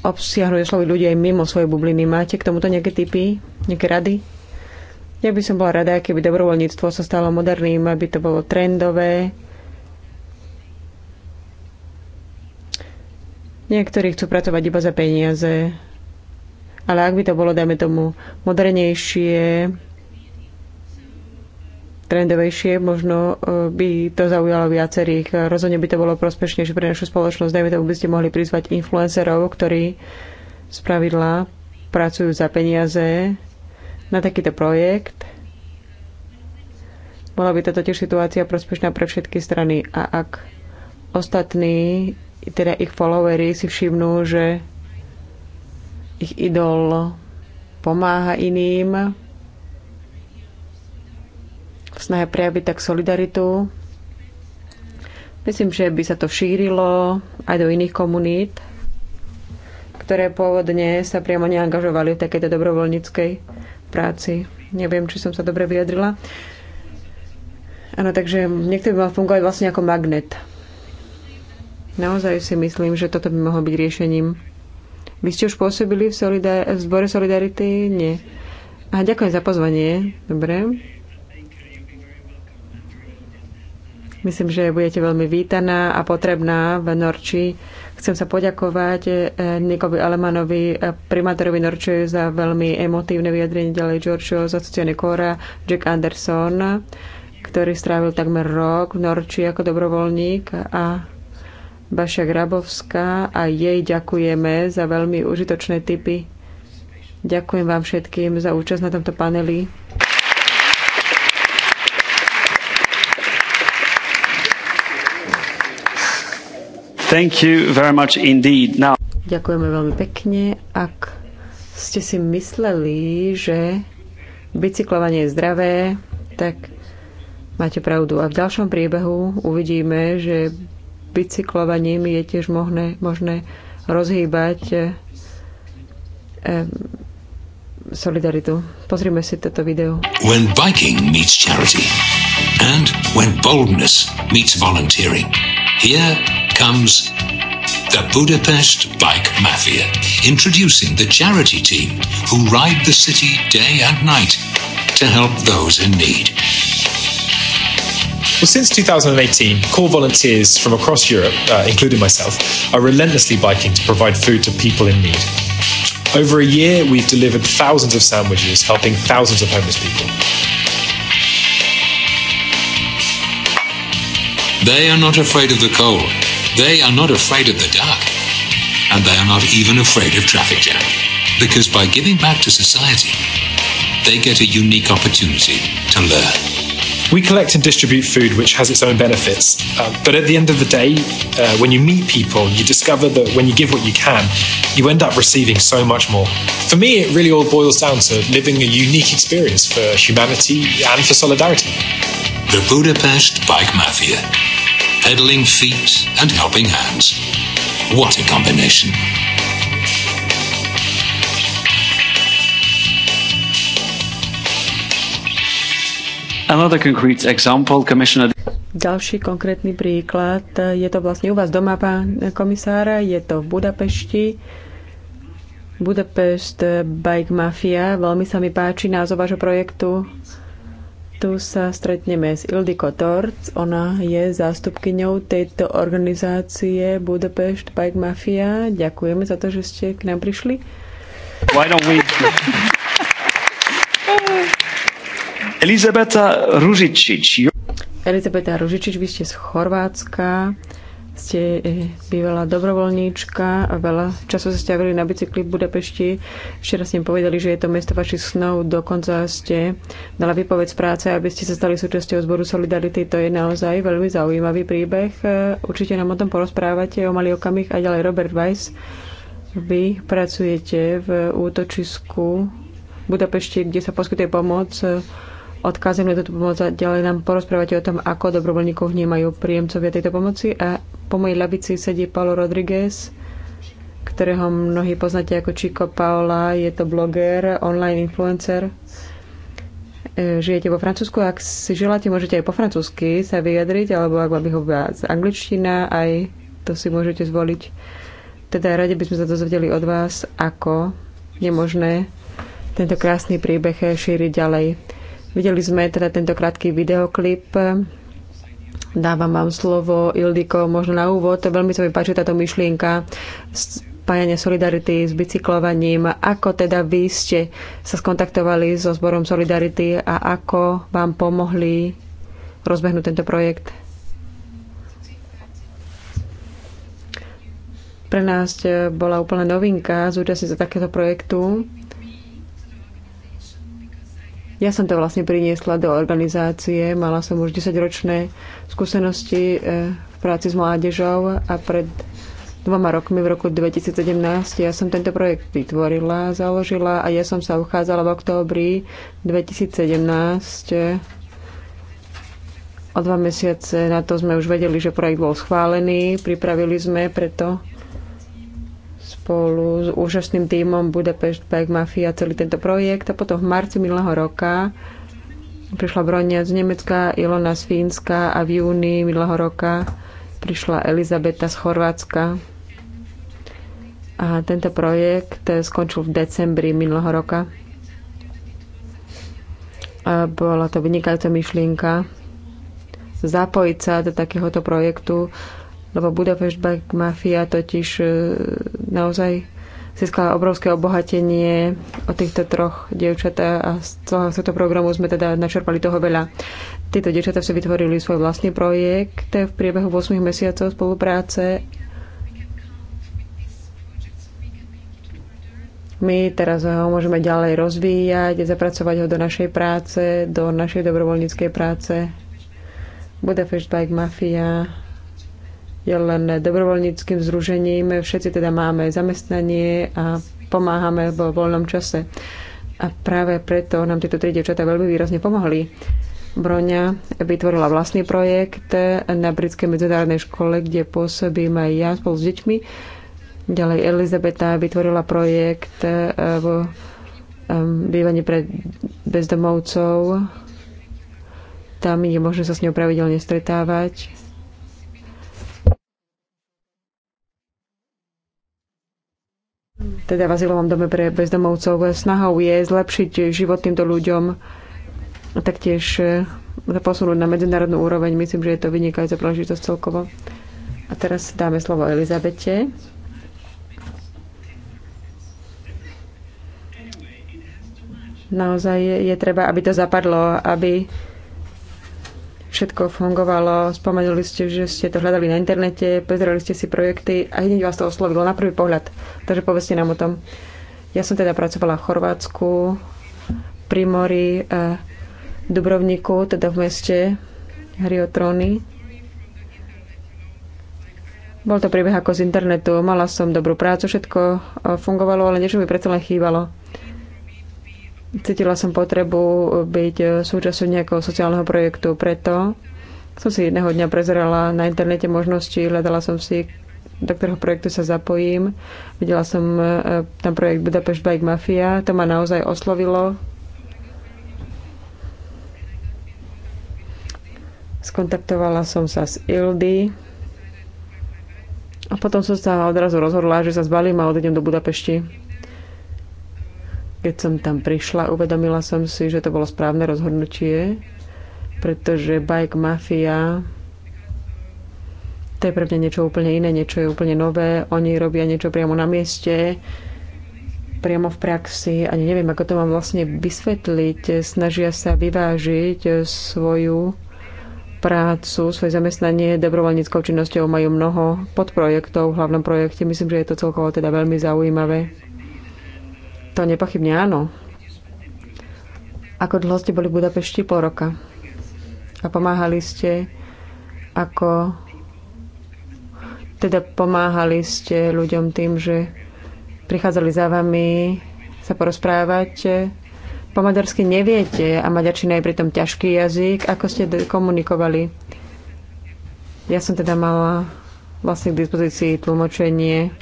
obsiahnuť osloviť ľudí aj mimo svojej bubliny. Máte k tomuto nejaké typy, nejaké rady? Ja by som bola rada, keby dobrovoľníctvo sa stalo moderným, aby to bolo trendové, Niektorí chcú pracovať iba za peniaze, ale ak by to bolo, dajme tomu, modernejšie, trendovejšie, možno e, by to zaujalo viacerých. Rozhodne by to bolo prospešnejšie pre našu spoločnosť. Dajme tomu, by ste mohli prizvať influencerov, ktorí z pravidla pracujú za peniaze na takýto projekt. Bola by to totiž situácia prospešná pre všetky strany a ak ostatní teda ich followery si všimnú, že ich idol pomáha iným v snahe prejaviť tak solidaritu. Myslím, že by sa to šírilo aj do iných komunít, ktoré pôvodne sa priamo neangažovali v takejto dobrovoľníckej práci. Neviem, či som sa dobre vyjadrila. Áno, takže niekto by mal fungovať vlastne ako magnet Naozaj si myslím, že toto by mohlo byť riešením. Vy ste už pôsobili v, solidar- v zbore Solidarity? Nie. A ďakujem za pozvanie. Dobre. Myslím, že budete veľmi vítaná a potrebná v Norči. Chcem sa poďakovať eh, Nikovi Alemanovi, eh, primátorovi Norče za veľmi emotívne vyjadrenie ďalej Georgeho za sociálne kóra, Jack Anderson, ktorý strávil takmer rok v Norči ako dobrovoľník a Baša Grabovská a jej ďakujeme za veľmi užitočné tipy. Ďakujem vám všetkým za účasť na tomto paneli. Thank you very much indeed. Now... Ďakujeme veľmi pekne. Ak ste si mysleli, že bicyklovanie je zdravé, tak máte pravdu. A v ďalšom priebehu uvidíme, že bicyklovaním je tiež možné, možné rozhýbať e, e, solidaritu. Pozrime si toto video. When biking meets charity and when boldness meets volunteering, here comes the Budapest Bike Mafia, introducing the charity team who ride the city day and night to help those in need. Well, since 2018, core volunteers from across Europe, uh, including myself, are relentlessly biking to provide food to people in need. Over a year, we've delivered thousands of sandwiches, helping thousands of homeless people. They are not afraid of the cold. They are not afraid of the dark. And they are not even afraid of traffic jam. Because by giving back to society, they get a unique opportunity to learn. We collect and distribute food, which has its own benefits. Um, but at the end of the day, uh, when you meet people, you discover that when you give what you can, you end up receiving so much more. For me, it really all boils down to living a unique experience for humanity and for solidarity. The Budapest Bike Mafia. Pedaling feet and helping hands. What a combination. Another concrete example, Commissioner. Ďalší konkrétny príklad, je to vlastne u vás doma, pán komisár, je to v Budapešti. Budapest Bike Mafia, veľmi sa mi páči názov vášho projektu. Tu sa stretneme s Ildiko Torc. Ona je zástupkyňou tejto organizácie Budapest Bike Mafia. Ďakujeme za to, že ste k nám prišli. Why don't we... Elizabeta Ružičič. Elizabeta Ružičič, vy ste z Chorvátska, ste e, bývalá dobrovoľníčka, a veľa času ste stavili na bicykli v Budapešti. Včera ste im povedali, že je to mesto vašich snov, dokonca ste dala vypoveď z práce, aby ste sa stali súčasťou zboru Solidarity. To je naozaj veľmi zaujímavý príbeh. E, určite nám o tom porozprávate o malý okamih a ďalej Robert Weiss. Vy pracujete v útočisku v Budapešti, kde sa poskytuje pomoc e, odkazujem na túto pomoc a ďalej nám porozprávate o tom, ako dobrovoľníkov vnímajú príjemcovia tejto pomoci. A po mojej labici sedí Paulo Rodriguez, ktorého mnohí poznáte ako Chico Paola. Je to bloger, online influencer. E, žijete vo Francúzsku. Ak si želáte, môžete aj po francúzsky sa vyjadriť, alebo ak vám z angličtina, aj to si môžete zvoliť. Teda radi by sme sa dozvedeli od vás, ako je možné tento krásny príbeh šíriť ďalej. Videli sme teda tento krátky videoklip. Dávam vám slovo, Ildiko, možno na úvod. Veľmi sa mi páči táto myšlienka spájanie Solidarity s bicyklovaním. Ako teda vy ste sa skontaktovali so zborom Solidarity a ako vám pomohli rozbehnúť tento projekt? Pre nás bola úplná novinka zúčastniť sa takéto projektu. Ja som to vlastne priniesla do organizácie, mala som už 10-ročné skúsenosti e, v práci s mládežou a pred dvoma rokmi v roku 2017 ja som tento projekt vytvorila, založila a ja som sa uchádzala v októbri 2017. E, o dva mesiace na to sme už vedeli, že projekt bol schválený, pripravili sme preto spolu s úžasným týmom Budapest Bike Mafia celý tento projekt a potom v marci minulého roka prišla Bronia z Nemecka, Ilona z Fínska a v júni minulého roka prišla Elizabeta z Chorvátska. A tento projekt skončil v decembri minulého roka. A bola to vynikajúca myšlienka zapojiť sa do takéhoto projektu lebo Budapešť Bank Mafia totiž e, naozaj získala obrovské obohatenie od týchto troch dievčat a z celého tohto programu sme teda načerpali toho veľa. Títo dievčatá si vytvorili svoj vlastný projekt v priebehu 8 mesiacov spolupráce. My teraz ho môžeme ďalej rozvíjať, zapracovať ho do našej práce, do našej dobrovoľníckej práce. Budapest Bike Mafia je len dobrovoľníckým združením. Všetci teda máme zamestnanie a pomáhame vo voľnom čase. A práve preto nám tieto tri devčatá veľmi výrazne pomohli. Broňa vytvorila vlastný projekt na Britskej medzinárodnej škole, kde pôsobím aj ja spolu s deťmi. Ďalej Elizabeta vytvorila projekt eh, vo bývaní pre bezdomovcov. Tam je možné sa s ňou pravidelne stretávať teda v azylovom dome pre bezdomovcov. Snahou je zlepšiť život týmto ľuďom a taktiež e, posunúť na medzinárodnú úroveň. Myslím, že je to vynikajúca príležitosť celkovo. A teraz dáme slovo Elizabete. Naozaj je, je treba, aby to zapadlo, aby všetko fungovalo. Spomenuli ste, že ste to hľadali na internete, pozerali ste si projekty a hneď vás to oslovilo na prvý pohľad. Takže povedzte nám o tom. Ja som teda pracovala v Chorvátsku, pri mori, a eh, Dubrovniku, teda v meste Hry o tróny. Bol to príbeh ako z internetu. Mala som dobrú prácu, všetko eh, fungovalo, ale niečo mi predsa len chýbalo. Cítila som potrebu byť súčasťou nejakého sociálneho projektu, preto som si jedného dňa prezerala na internete možnosti, hľadala som si, do ktorého projektu sa zapojím. Videla som e, tam projekt Budapest Bike Mafia, to ma naozaj oslovilo. Skontaktovala som sa s Ildy a potom som sa odrazu rozhodla, že sa zbalím a odídem do Budapešti. Keď som tam prišla, uvedomila som si, že to bolo správne rozhodnutie, pretože bike mafia to je pre mňa niečo úplne iné, niečo je úplne nové. Oni robia niečo priamo na mieste, priamo v praxi. Ani neviem, ako to mám vlastne vysvetliť. Snažia sa vyvážiť svoju prácu, svoje zamestnanie dobrovoľníckou činnosťou. Majú mnoho podprojektov v hlavnom projekte. Myslím, že je to celkovo teda veľmi zaujímavé. To nepochybne áno. Ako dlho ste boli v Budapešti? Pol roka. A pomáhali ste ako... Teda pomáhali ste ľuďom tým, že prichádzali za vami sa porozprávať. Po maďarsky neviete a maďarčina je pritom ťažký jazyk. Ako ste komunikovali? Ja som teda mala vlastne k dispozícii tlmočenie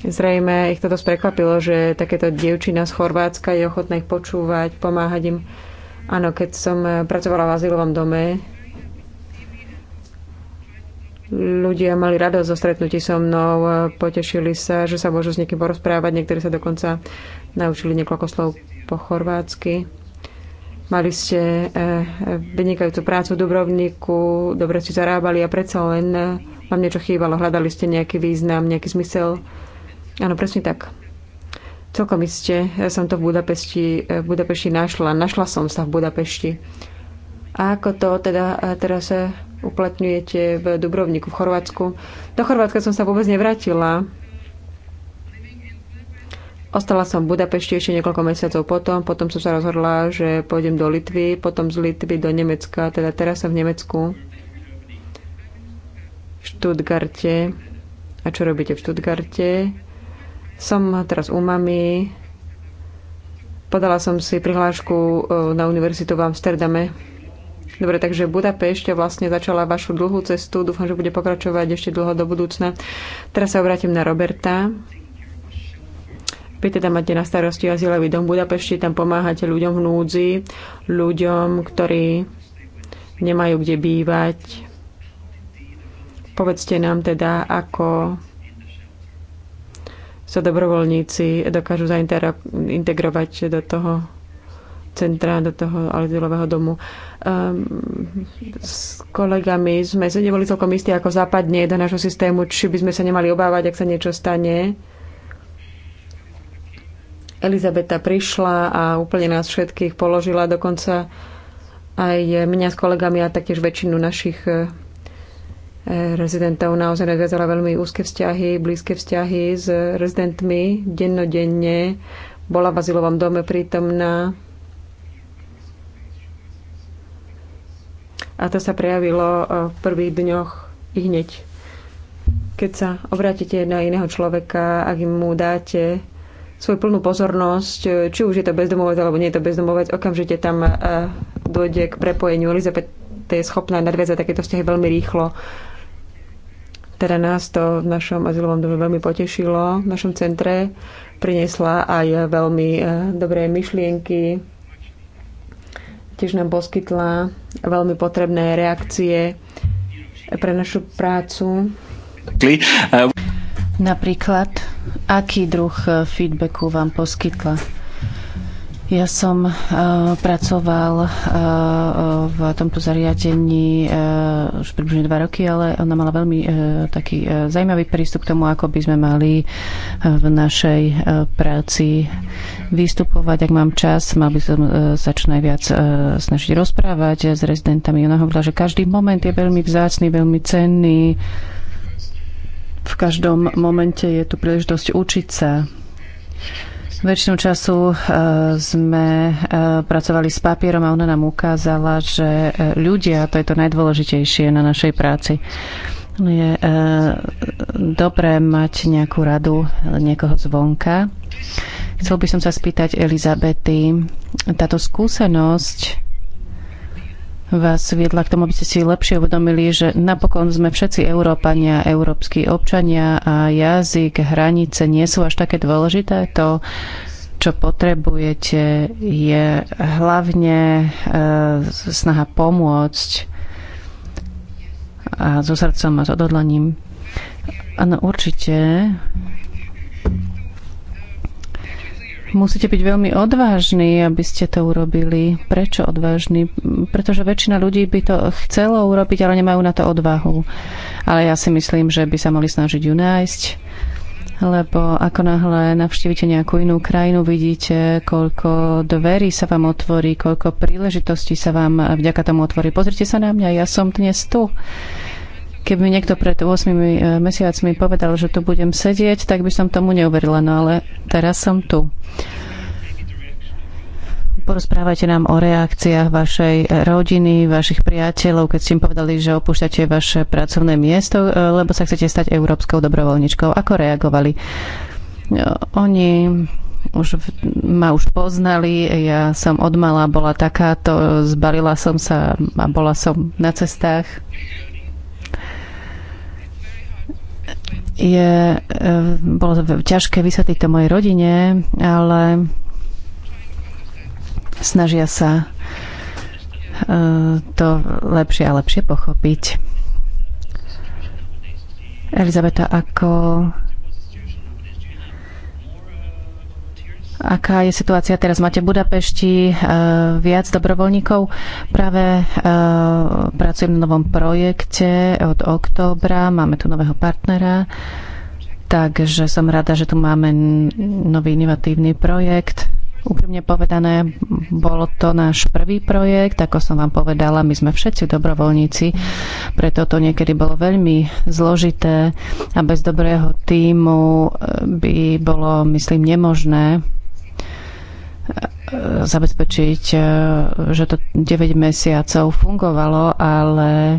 Zrejme ich to dosť prekvapilo, že takéto dievčina z Chorvátska je ochotná ich počúvať, pomáhať im. Áno, keď som eh, pracovala v azylovom dome, ľudia mali radosť zo stretnutí so mnou, eh, potešili sa, že sa môžu s niekým porozprávať, niektorí sa dokonca naučili niekoľko slov po chorvátsky. Mali ste eh, vynikajúcu prácu v Dubrovniku, dobre ste zarábali a predsa len vám niečo chýbalo, hľadali ste nejaký význam, nejaký zmysel Áno, presne tak. Celkom iste ja som to v Budapešti, v Budapešti našla. Našla som sa v Budapešti. A ako to teda teraz e, uplatňujete v Dubrovniku, v Chorvátsku? Do Chorvátska som sa vôbec nevrátila. Ostala som v Budapešti ešte niekoľko mesiacov potom, potom som sa rozhodla, že pôjdem do Litvy, potom z Litvy do Nemecka, teda teraz som v Nemecku, v Štutgarte. A čo robíte v Štutgarte? Som teraz u mami. Podala som si prihlášku e, na univerzitu v Amsterdame. Dobre, takže Budapešť vlastne začala vašu dlhú cestu. Dúfam, že bude pokračovať ešte dlho do budúcna. Teraz sa obrátim na Roberta. Vy teda máte na starosti azylový dom v Budapešti, tam pomáhate ľuďom v núdzi, ľuďom, ktorí nemajú kde bývať. Povedzte nám teda, ako sa dobrovoľníci dokážu zaintegrovať do toho centra, do toho azylového domu. Um, s kolegami sme sa neboli celkom istí, ako západne do nášho systému, či by sme sa nemali obávať, ak sa niečo stane. Elizabeta prišla a úplne nás všetkých položila, dokonca aj mňa s kolegami a taktiež väčšinu našich eh, rezidentov naozaj nadviazala veľmi úzke vzťahy, blízke vzťahy s rezidentmi dennodenne. Bola v azylovom dome prítomná. A to sa prejavilo eh, v prvých dňoch i hneď. Keď sa obrátite na iného človeka, ak im mu dáte svoju plnú pozornosť, eh, či už je to bezdomovec alebo nie je to bezdomovec, okamžite tam eh, dojde k prepojeniu. Elizabeth je schopná nadviazať takéto vzťahy veľmi rýchlo teda nás to v našom azylovom dome veľmi potešilo, v našom centre priniesla aj veľmi e, dobré myšlienky, tiež nám poskytla veľmi potrebné reakcie pre našu prácu. Napríklad, aký druh e, feedbacku vám poskytla? Ja som uh, pracoval uh, v tomto zariadení uh, už približne dva roky, ale ona mala veľmi uh, taký uh, zaujímavý prístup k tomu, ako by sme mali uh, v našej uh, práci vystupovať. Ak mám čas, mal by som uh, sa čo najviac uh, snažiť rozprávať s rezidentami. Ona hovorila, že každý moment je veľmi vzácný, veľmi cenný. V každom momente je tu príležitosť učiť sa Väčšinu času e, sme e, pracovali s papierom a ona nám ukázala, že e, ľudia, to je to najdôležitejšie na našej práci. Je dobré mať nejakú radu niekoho zvonka. Chcel by som sa spýtať Elizabety, táto skúsenosť vás viedla k tomu, aby ste si lepšie uvedomili, že napokon sme všetci Európania, európsky občania a jazyk, hranice nie sú až také dôležité. To, čo potrebujete, je hlavne e, snaha pomôcť a so srdcom a s odhodlaním. Áno, určite Musíte byť veľmi odvážni, aby ste to urobili. Prečo odvážni? Pretože väčšina ľudí by to chcelo urobiť, ale nemajú na to odvahu. Ale ja si myslím, že by sa mali snažiť ju nájsť, lebo ako náhle navštívite nejakú inú krajinu, vidíte, koľko dverí sa vám otvorí, koľko príležitostí sa vám vďaka tomu otvorí. Pozrite sa na mňa, ja som dnes tu. Keby mi niekto pred 8 e, mesiacmi povedal, že tu budem sedieť, tak by som tomu neuverila, no ale teraz som tu. Porozprávajte nám o reakciách vašej e, rodiny, vašich priateľov, keď ste im povedali, že opúšťate vaše pracovné miesto, e, lebo sa chcete stať európskou dobrovoľničkou. Ako reagovali? Oni už ma už poznali, ja som odmala bola takáto, zbalila som sa a bola som na cestách. je, e, bolo ťažké vysvetliť to mojej rodine, ale snažia sa e, to lepšie a lepšie pochopiť. Elizabeta, ako Aká je situácia teraz? Máte v Budapešti e, viac dobrovoľníkov? Práve e, pracujem na novom projekte od októbra. Máme tu nového partnera. Takže som rada, že tu máme nový inovatívny projekt. Úprimne povedané, bolo to náš prvý projekt, ako som vám povedala, my sme všetci dobrovoľníci, preto to niekedy bolo veľmi zložité a bez dobrého týmu e, by bolo, myslím, nemožné zabezpečiť, e, že to 9 mesiacov fungovalo, ale e,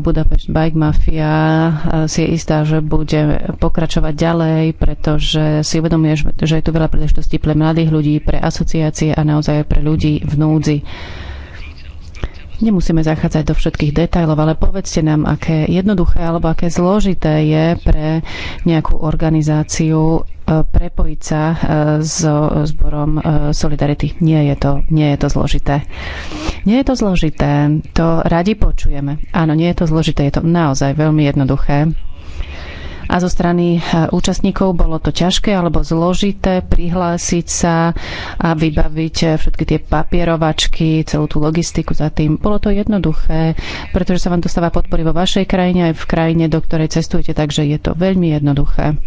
Budapešť Bike Mafia e, si je istá, že bude pokračovať ďalej, pretože si uvedomuje, že je tu veľa príležitostí pre mladých ľudí, pre asociácie a naozaj pre ľudí v núdzi. Nemusíme zachádzať do všetkých detajlov, ale povedzte nám, aké jednoduché alebo aké zložité je pre nejakú organizáciu e, prepojiť sa e, so zborom e, Solidarity. Nie je to, nie je to zložité. Nie je to zložité, to radi počujeme. Áno, nie je to zložité, je to naozaj veľmi jednoduché a zo strany e, účastníkov bolo to ťažké alebo zložité prihlásiť sa a vybaviť e, všetky tie papierovačky, celú tú logistiku za tým. Bolo to jednoduché, pretože sa vám dostáva podpory vo vašej krajine aj v krajine, do ktorej cestujete, takže je to veľmi jednoduché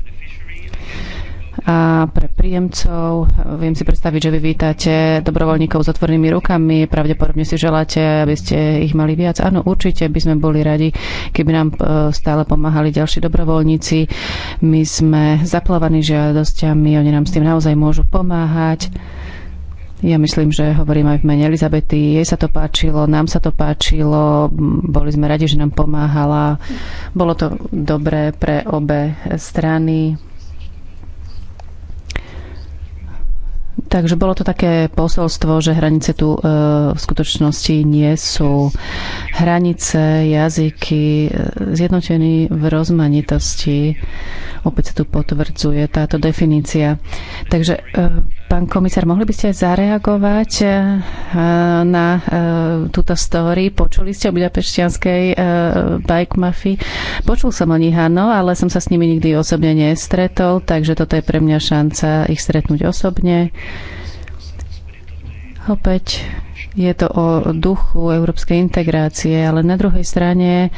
a pre príjemcov. Viem si predstaviť, že vy vítate dobrovoľníkov s otvorenými rukami, pravdepodobne si želáte, aby ste ich mali viac. Áno, určite by sme boli radi, keby nám e, stále pomáhali ďalší dobrovoľníci. My sme zaplavaní žiadosťami, oni nám s tým naozaj môžu pomáhať. Ja myslím, že hovorím aj v mene Elizabety. Jej sa to páčilo, nám sa to páčilo, boli sme radi, že nám pomáhala. Bolo to dobré pre obe strany Takže bolo to také posolstvo, že hranice tu e, v skutočnosti nie sú. Hranice, jazyky, e, zjednotení v rozmanitosti. Opäť sa tu potvrdzuje táto definícia. Takže e, Pán komisár, mohli by ste zareagovať e, na e, túto story? Počuli ste o budapešťanskej e, bike mafii? Počul som o nich, áno, ale som sa s nimi nikdy osobne nestretol, takže toto je pre mňa šanca ich stretnúť osobne. Opäť je to o duchu európskej integrácie, ale na druhej strane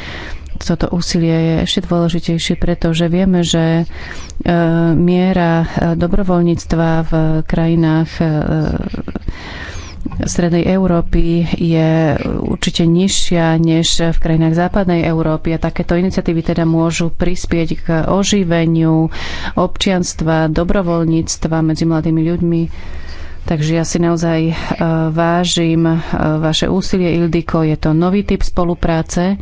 toto úsilie je ešte dôležitejšie, pretože vieme, že e, miera e, dobrovoľníctva v krajinách e, Strednej Európy je určite nižšia než v krajinách západnej Európy a takéto iniciatívy teda môžu prispieť k oživeniu občianstva, dobrovoľníctva medzi mladými ľuďmi. Takže ja si naozaj vážim vaše úsilie, Ildiko. Je to nový typ spolupráce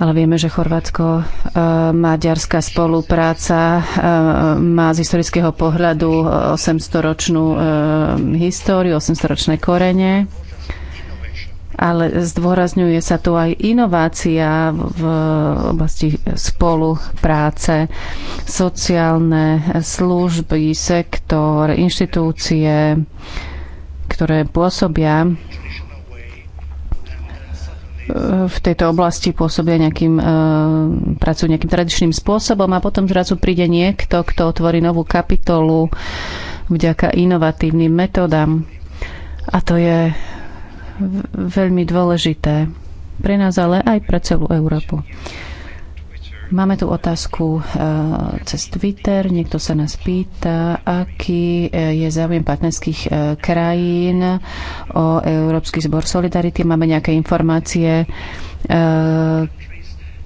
ale vieme, že Chorvátsko-Maďarská e, spolupráca e, má z historického pohľadu 800-ročnú e, históriu, 800-ročné korene, ale zdôrazňuje sa tu aj inovácia v oblasti spolupráce, sociálne služby, sektor, inštitúcie, ktoré pôsobia v tejto oblasti pôsobia nejakým, e, pracujú nejakým tradičným spôsobom a potom zrazu príde niekto, kto otvorí novú kapitolu vďaka inovatívnym metodám. A to je veľmi dôležité pre nás, ale aj pre celú Európu. Máme tu otázku e, cez Twitter. Niekto sa nás pýta, aký e, je záujem partnerských e, krajín o Európsky zbor Solidarity. Máme nejaké informácie,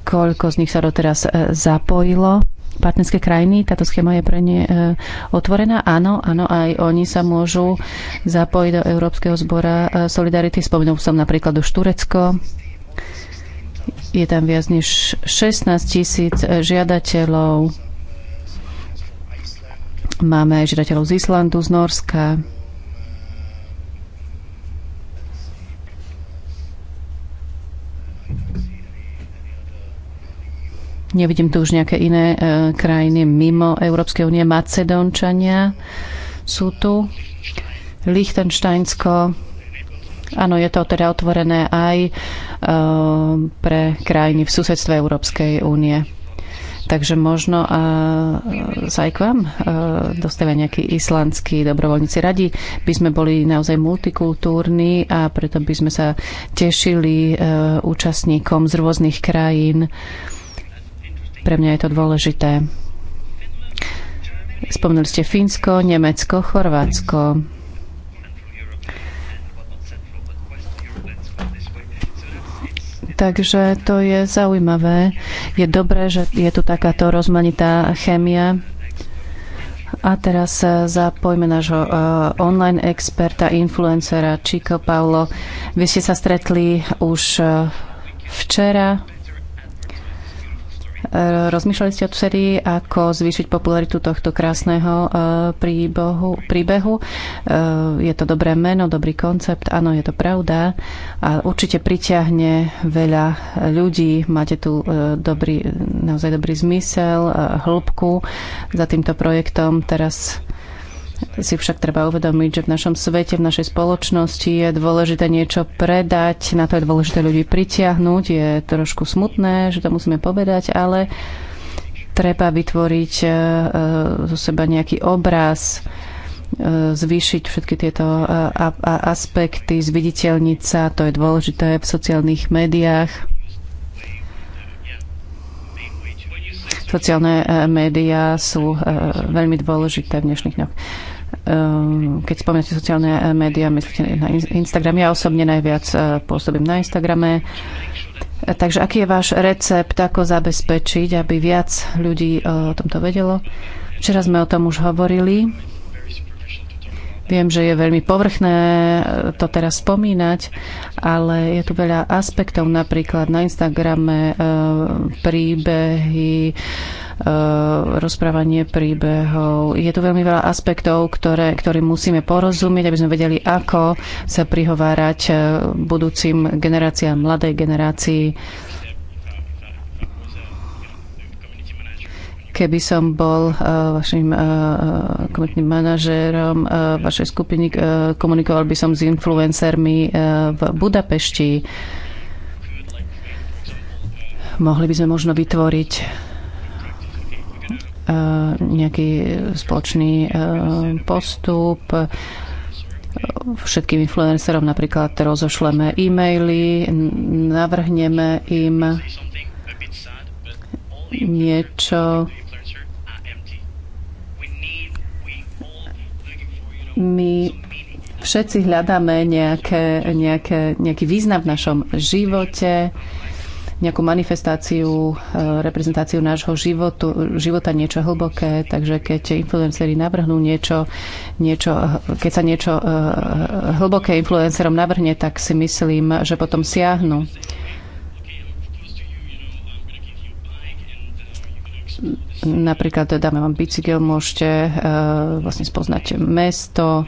koľko z nich sa doteraz zapojilo partnerské krajiny, táto schéma je pre ne otvorená. Áno, áno, aj oni sa môžu zapojiť do Európskeho zbora Solidarity. Spomenul som napríklad už Turecko. Je tam viac než 16 tisíc e, žiadateľov. Máme aj žiadateľov z Islandu, z Norska. Nevidím tu už nejaké iné e, krajiny mimo Európskej únie. Macedónčania sú tu. Liechtensteinsko, Áno, je to teda otvorené aj e, pre krajiny v susedstve Európskej únie. Takže možno uh, e, sa aj k vám uh, e, dostáva nejakí islandskí dobrovoľníci. Radi by sme boli naozaj multikultúrni a preto by sme sa tešili uh, účastníkom z rôznych krajín. Pre mňa je to dôležité. Spomnuli ste Fínsko, Nemecko, Chorvátsko. Takže to je zaujímavé. Je dobré, že je tu takáto rozmanitá chémia. A teraz eh, zapojme nášho eh, online experta, influencera Čiko Paulo. Vy ste sa stretli už eh, včera Rozmýšľali ste odvtedy, ako zvýšiť popularitu tohto krásneho e, príbohu, príbehu. E, je to dobré meno, dobrý koncept, áno, je to pravda. A určite priťahne veľa ľudí. Máte tu e, dobrý, naozaj dobrý zmysel, hĺbku za týmto projektom. Teraz si však treba uvedomiť, že v našom svete, v našej spoločnosti je dôležité niečo predať, na to je dôležité ľudí pritiahnuť. Je trošku smutné, že to musíme povedať, ale treba vytvoriť e, e, zo seba nejaký obraz, e, zvýšiť všetky tieto aspekty, zviditeľniť sa, to je dôležité v sociálnych médiách Sociálne e, médiá sú e, veľmi dôležité v dnešných dňoch. E, keď spomínate sociálne médiá, myslíte na Instagram. Ja osobne najviac pôsobím na Instagrame. Takže aký je váš recept, ako zabezpečiť, aby viac ľudí o tomto vedelo? Včera sme o tom už hovorili Viem, že je veľmi povrchné eh, to teraz spomínať, ale je tu veľa aspektov, napríklad na Instagrame eh, príbehy, eh, rozprávanie príbehov. Je tu veľmi veľa aspektov, ktoré, ktorým musíme porozumieť, aby sme vedeli, ako sa prihovárať budúcim generáciám, mladej generácii Keby som bol eh, vašim eh, eh, komunitným manažérom vašej skupiny, komunikoval by som s influencermi v Budapešti. Mohli by sme možno vytvoriť nejaký spoločný postup, všetkým influencerom napríklad rozošleme e-maily, navrhneme im niečo My všetci hľadáme nejaké, nejaké, nejaký význam v našom živote, nejakú manifestáciu, e, reprezentáciu nášho životu, života, niečo hlboké, takže keď influenceri navrhnú niečo, niečo, e, keď sa niečo e, hlboké influencerom navrhne, tak si myslím, že potom siahnu. napríklad dáme teda, vám bicykel, môžete e, vlastne spoznať mesto,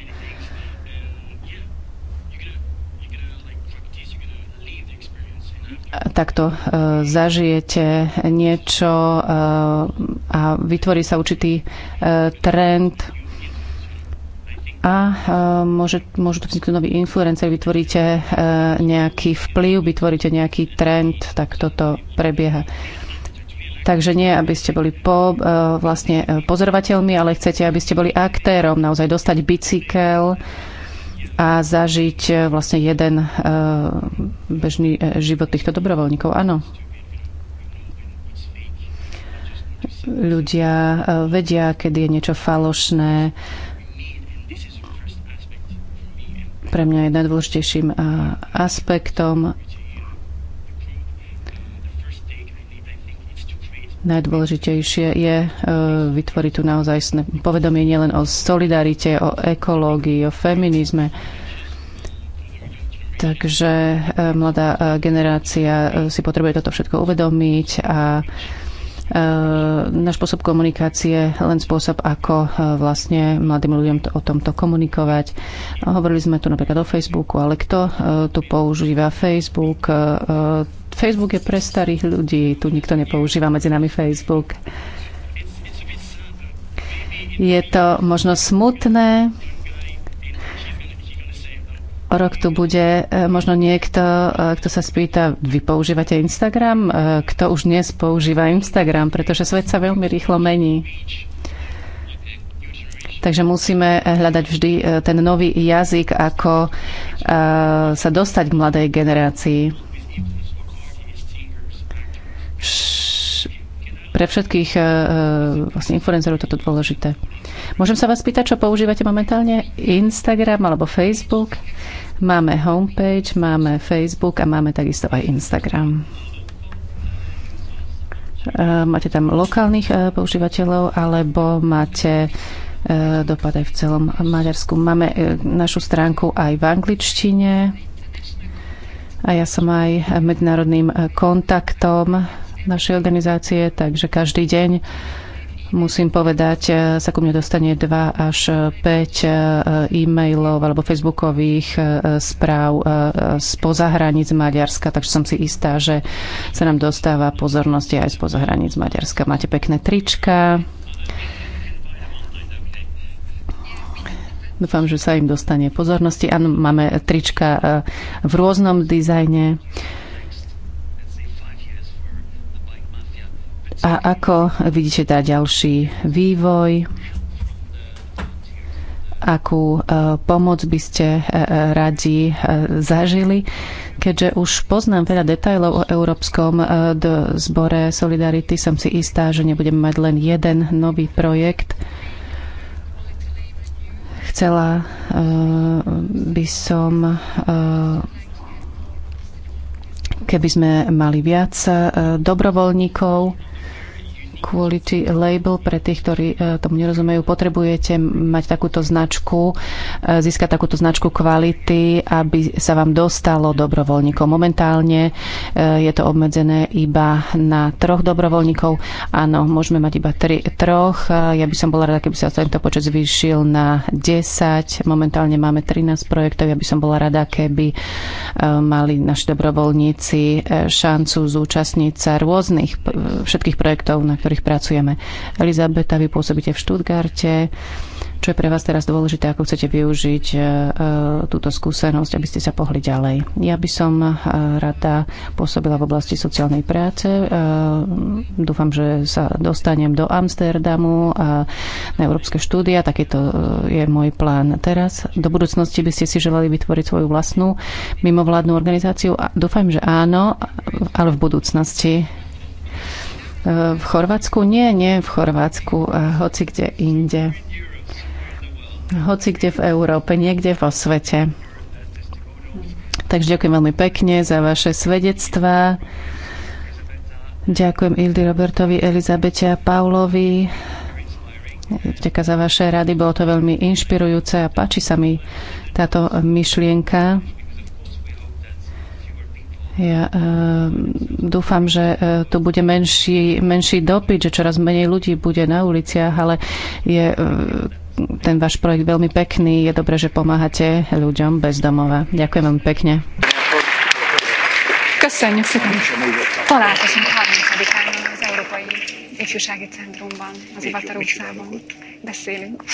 takto e, zažijete niečo e, a vytvorí sa určitý trend a môže, môžu tu vzniknúť nový influencer, vytvoríte nejaký vplyv, vytvoríte nejaký trend, tak toto prebieha. Takže nie, aby ste boli po, e, vlastne e, pozorovateľmi, ale chcete, aby ste boli aktérom, naozaj dostať bicykel a zažiť e, vlastne jeden bežný život týchto dobrovoľníkov. Áno. Ľudia vedia, kedy je niečo falošné, pre mňa je najdôležitejším aspektom Najdôležitejšie je e, vytvoriť tu naozaj povedomie nielen o solidarite, o ekológii, o feminizme, Takže e, mladá e, generácia si potrebuje toto všetko uvedomiť a náš spôsob komunikácie len spôsob, ako vlastne mladým ľuďom o tomto komunikovať. Hovorili sme tu napríklad o Facebooku, ale kto tu používa Facebook, Facebook je pre starých ľudí, tu nikto nepoužíva medzi nami Facebook. Je to možno smutné, O rok tu bude e, možno niekto, e, kto sa spýta, vy používate Instagram? E, kto už dnes používa Instagram? Pretože svet sa veľmi rýchlo mení. Takže musíme hľadať vždy ten nový jazyk, ako sa dostať k mladej generácii pre všetkých e, e, vlastne influencerov toto dôležité. Môžem sa vás pýtať, čo používate momentálne? Instagram alebo Facebook? Máme homepage, máme Facebook a máme takisto aj Instagram. E, máte tam lokálnych používateľov alebo máte dopad aj v celom Maďarsku. Máme našu stránku aj v angličtine a ja som aj medzinárodným kontaktom našej organizácie, takže každý deň musím povedať, e, sa ku mne dostane 2 až 5 e, e-mailov alebo facebookových e, správ spoza hraníc Maďarska, takže som si istá, že sa nám dostáva pozornosti aj spoza hraníc Maďarska. Máte pekné trička. Dúfam, že sa im dostane pozornosti. Áno, máme trička v rôznom dizajne. A ako vidíte tá ďalší vývoj? akú e, pomoc by ste e, e, radi zažili, keďže už poznám veľa detajlov o Európskom zbore Solidarity. Som si istá, že nebudem mať len jeden nový projekt. Chcela by som keby sme mali viac dobrovoľníkov, Quality Label, pre tých, ktorí e, tomu nerozumejú, potrebujete mať takúto značku, e, získať takúto značku kvality, aby sa vám dostalo dobrovoľníkov. Momentálne e, je to obmedzené iba na troch dobrovoľníkov. Áno, môžeme mať iba tri, troch. Ja by som bola rada, keby sa tento počet zvýšil na 10. Momentálne máme 13 projektov. Ja by som bola rada, keby mali naši dobrovoľníci šancu zúčastniť sa rôznych všetkých projektov, na ktorých pracujeme. Elizabeta, vy pôsobíte v Štutgarte. Čo je pre vás teraz dôležité, ako chcete využiť e, e, túto skúsenosť, aby ste sa pohli ďalej? Ja by som e, rada pôsobila v oblasti sociálnej práce. Dúfam, že sa dostanem do Amsterdamu a na európske štúdia. Takýto je môj plán teraz. Do budúcnosti by ste si želali vytvoriť svoju vlastnú mimovládnu organizáciu? Dúfam, že áno, ale v budúcnosti v Chorvátsku? Nie, nie v Chorvátsku, a hoci kde inde. Hoci kde v Európe, niekde vo svete. Takže ďakujem veľmi pekne za vaše svedectvá. Ďakujem Ildi Robertovi, Elizabete a Paulovi. Ďakujem za vaše rady, bolo to veľmi inšpirujúce a páči sa mi táto myšlienka ja uh, dúfam, že uh, eh, to bude menší, menší dopyt, že čoraz menej ľudí bude na uliciach, ale je uh, ten váš projekt veľmi pekný. Je dobré, že pomáhate ľuďom bez domova. Ďakujem vám pekne. Köszönjük szépen! Találkozunk 30-án az Európai Ifjúsági Centrumban, az Ivatar utcában. Beszélünk.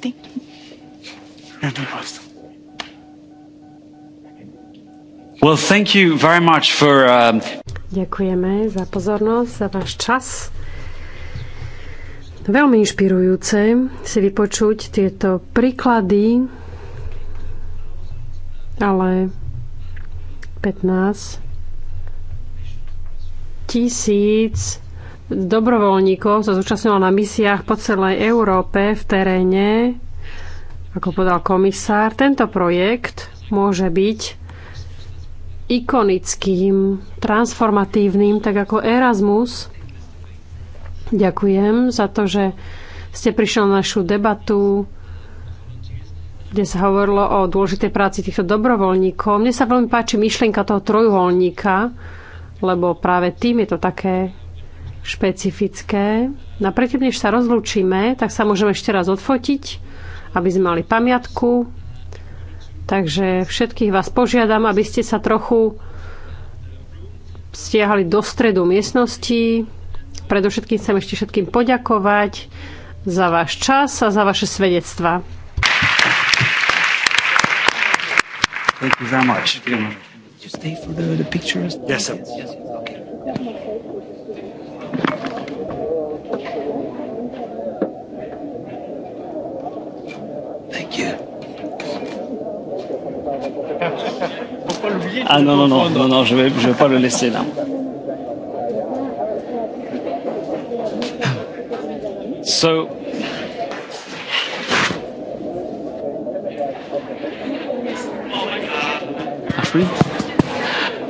Ti. Nem tudom azt. Well, thank you very much for, um... Ďakujeme za pozornosť, za váš čas. Veľmi inšpirujúce si vypočuť tieto príklady, ale 15 tisíc dobrovoľníkov sa zúčastnilo na misiách po celej Európe v teréne. Ako povedal komisár, tento projekt môže byť ikonickým, transformatívnym, tak ako Erasmus. Ďakujem za to, že ste prišli na našu debatu, kde sa hovorilo o dôležitej práci týchto dobrovoľníkov. Mne sa veľmi páči myšlienka toho trojuholníka, lebo práve tým je to také špecifické. Napriek, no než sa rozlúčime, tak sa môžeme ešte raz odfotiť, aby sme mali pamiatku Takže všetkých vás požiadam, aby ste sa trochu stiahali do stredu miestnosti. Predovšetkým chcem ešte všetkým poďakovať za váš čas a za vaše svedectva. Thank you very much. Thank You stay for the, the pictures? Yes, sir. Yes, yes. Ah non, non, non, non, non, je vais, je vais pas le laisser là. So,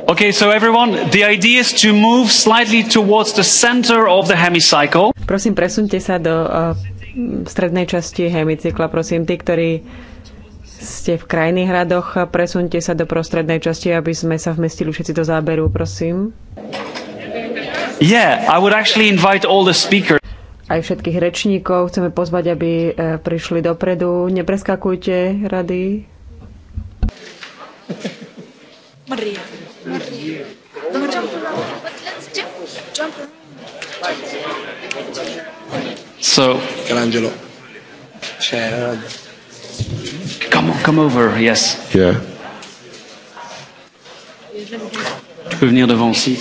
Okay, so everyone, the idea is to move slightly towards the center of the hemicycle. Prosím, presunte sa do uh, strednej časti hemicykla, prosím, tí, ktorí ste v krajných hradoch, presunte sa do prostrednej časti, aby sme sa vmestili všetci do záberu, prosím. Yeah, I would actually invite all the speakers. Aj všetkých rečníkov chceme pozvať, aby eh, prišli dopredu. Nepreskakujte rady. Maria. Maria. No, So. Michelangelo. C'era. Come on, come over, yes. Yeah. Tu peux venir devant aussi,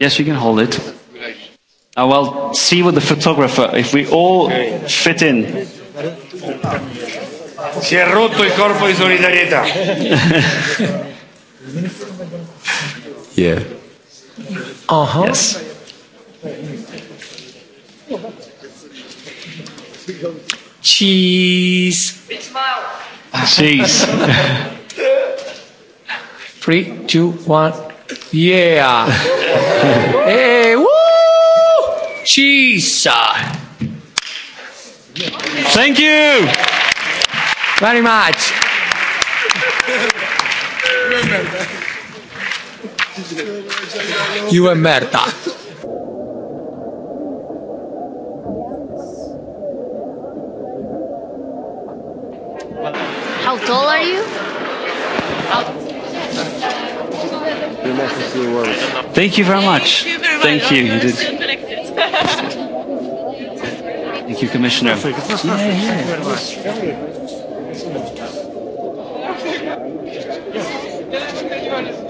Yes, you can hold it. Now, well, see with the photographer if we all fit in. Si è rotto il corpo di solidarietà. yeah. Uh-huh. Yes. Cheese. Cheese. Three, two, one. Yeah. hey, woo! Cheese. Thank you very much. You are merda. How tall are you? Thank you very much. Thank you. Thank You did. Thank you, Commissioner. Yeah, yeah. Thank you very much.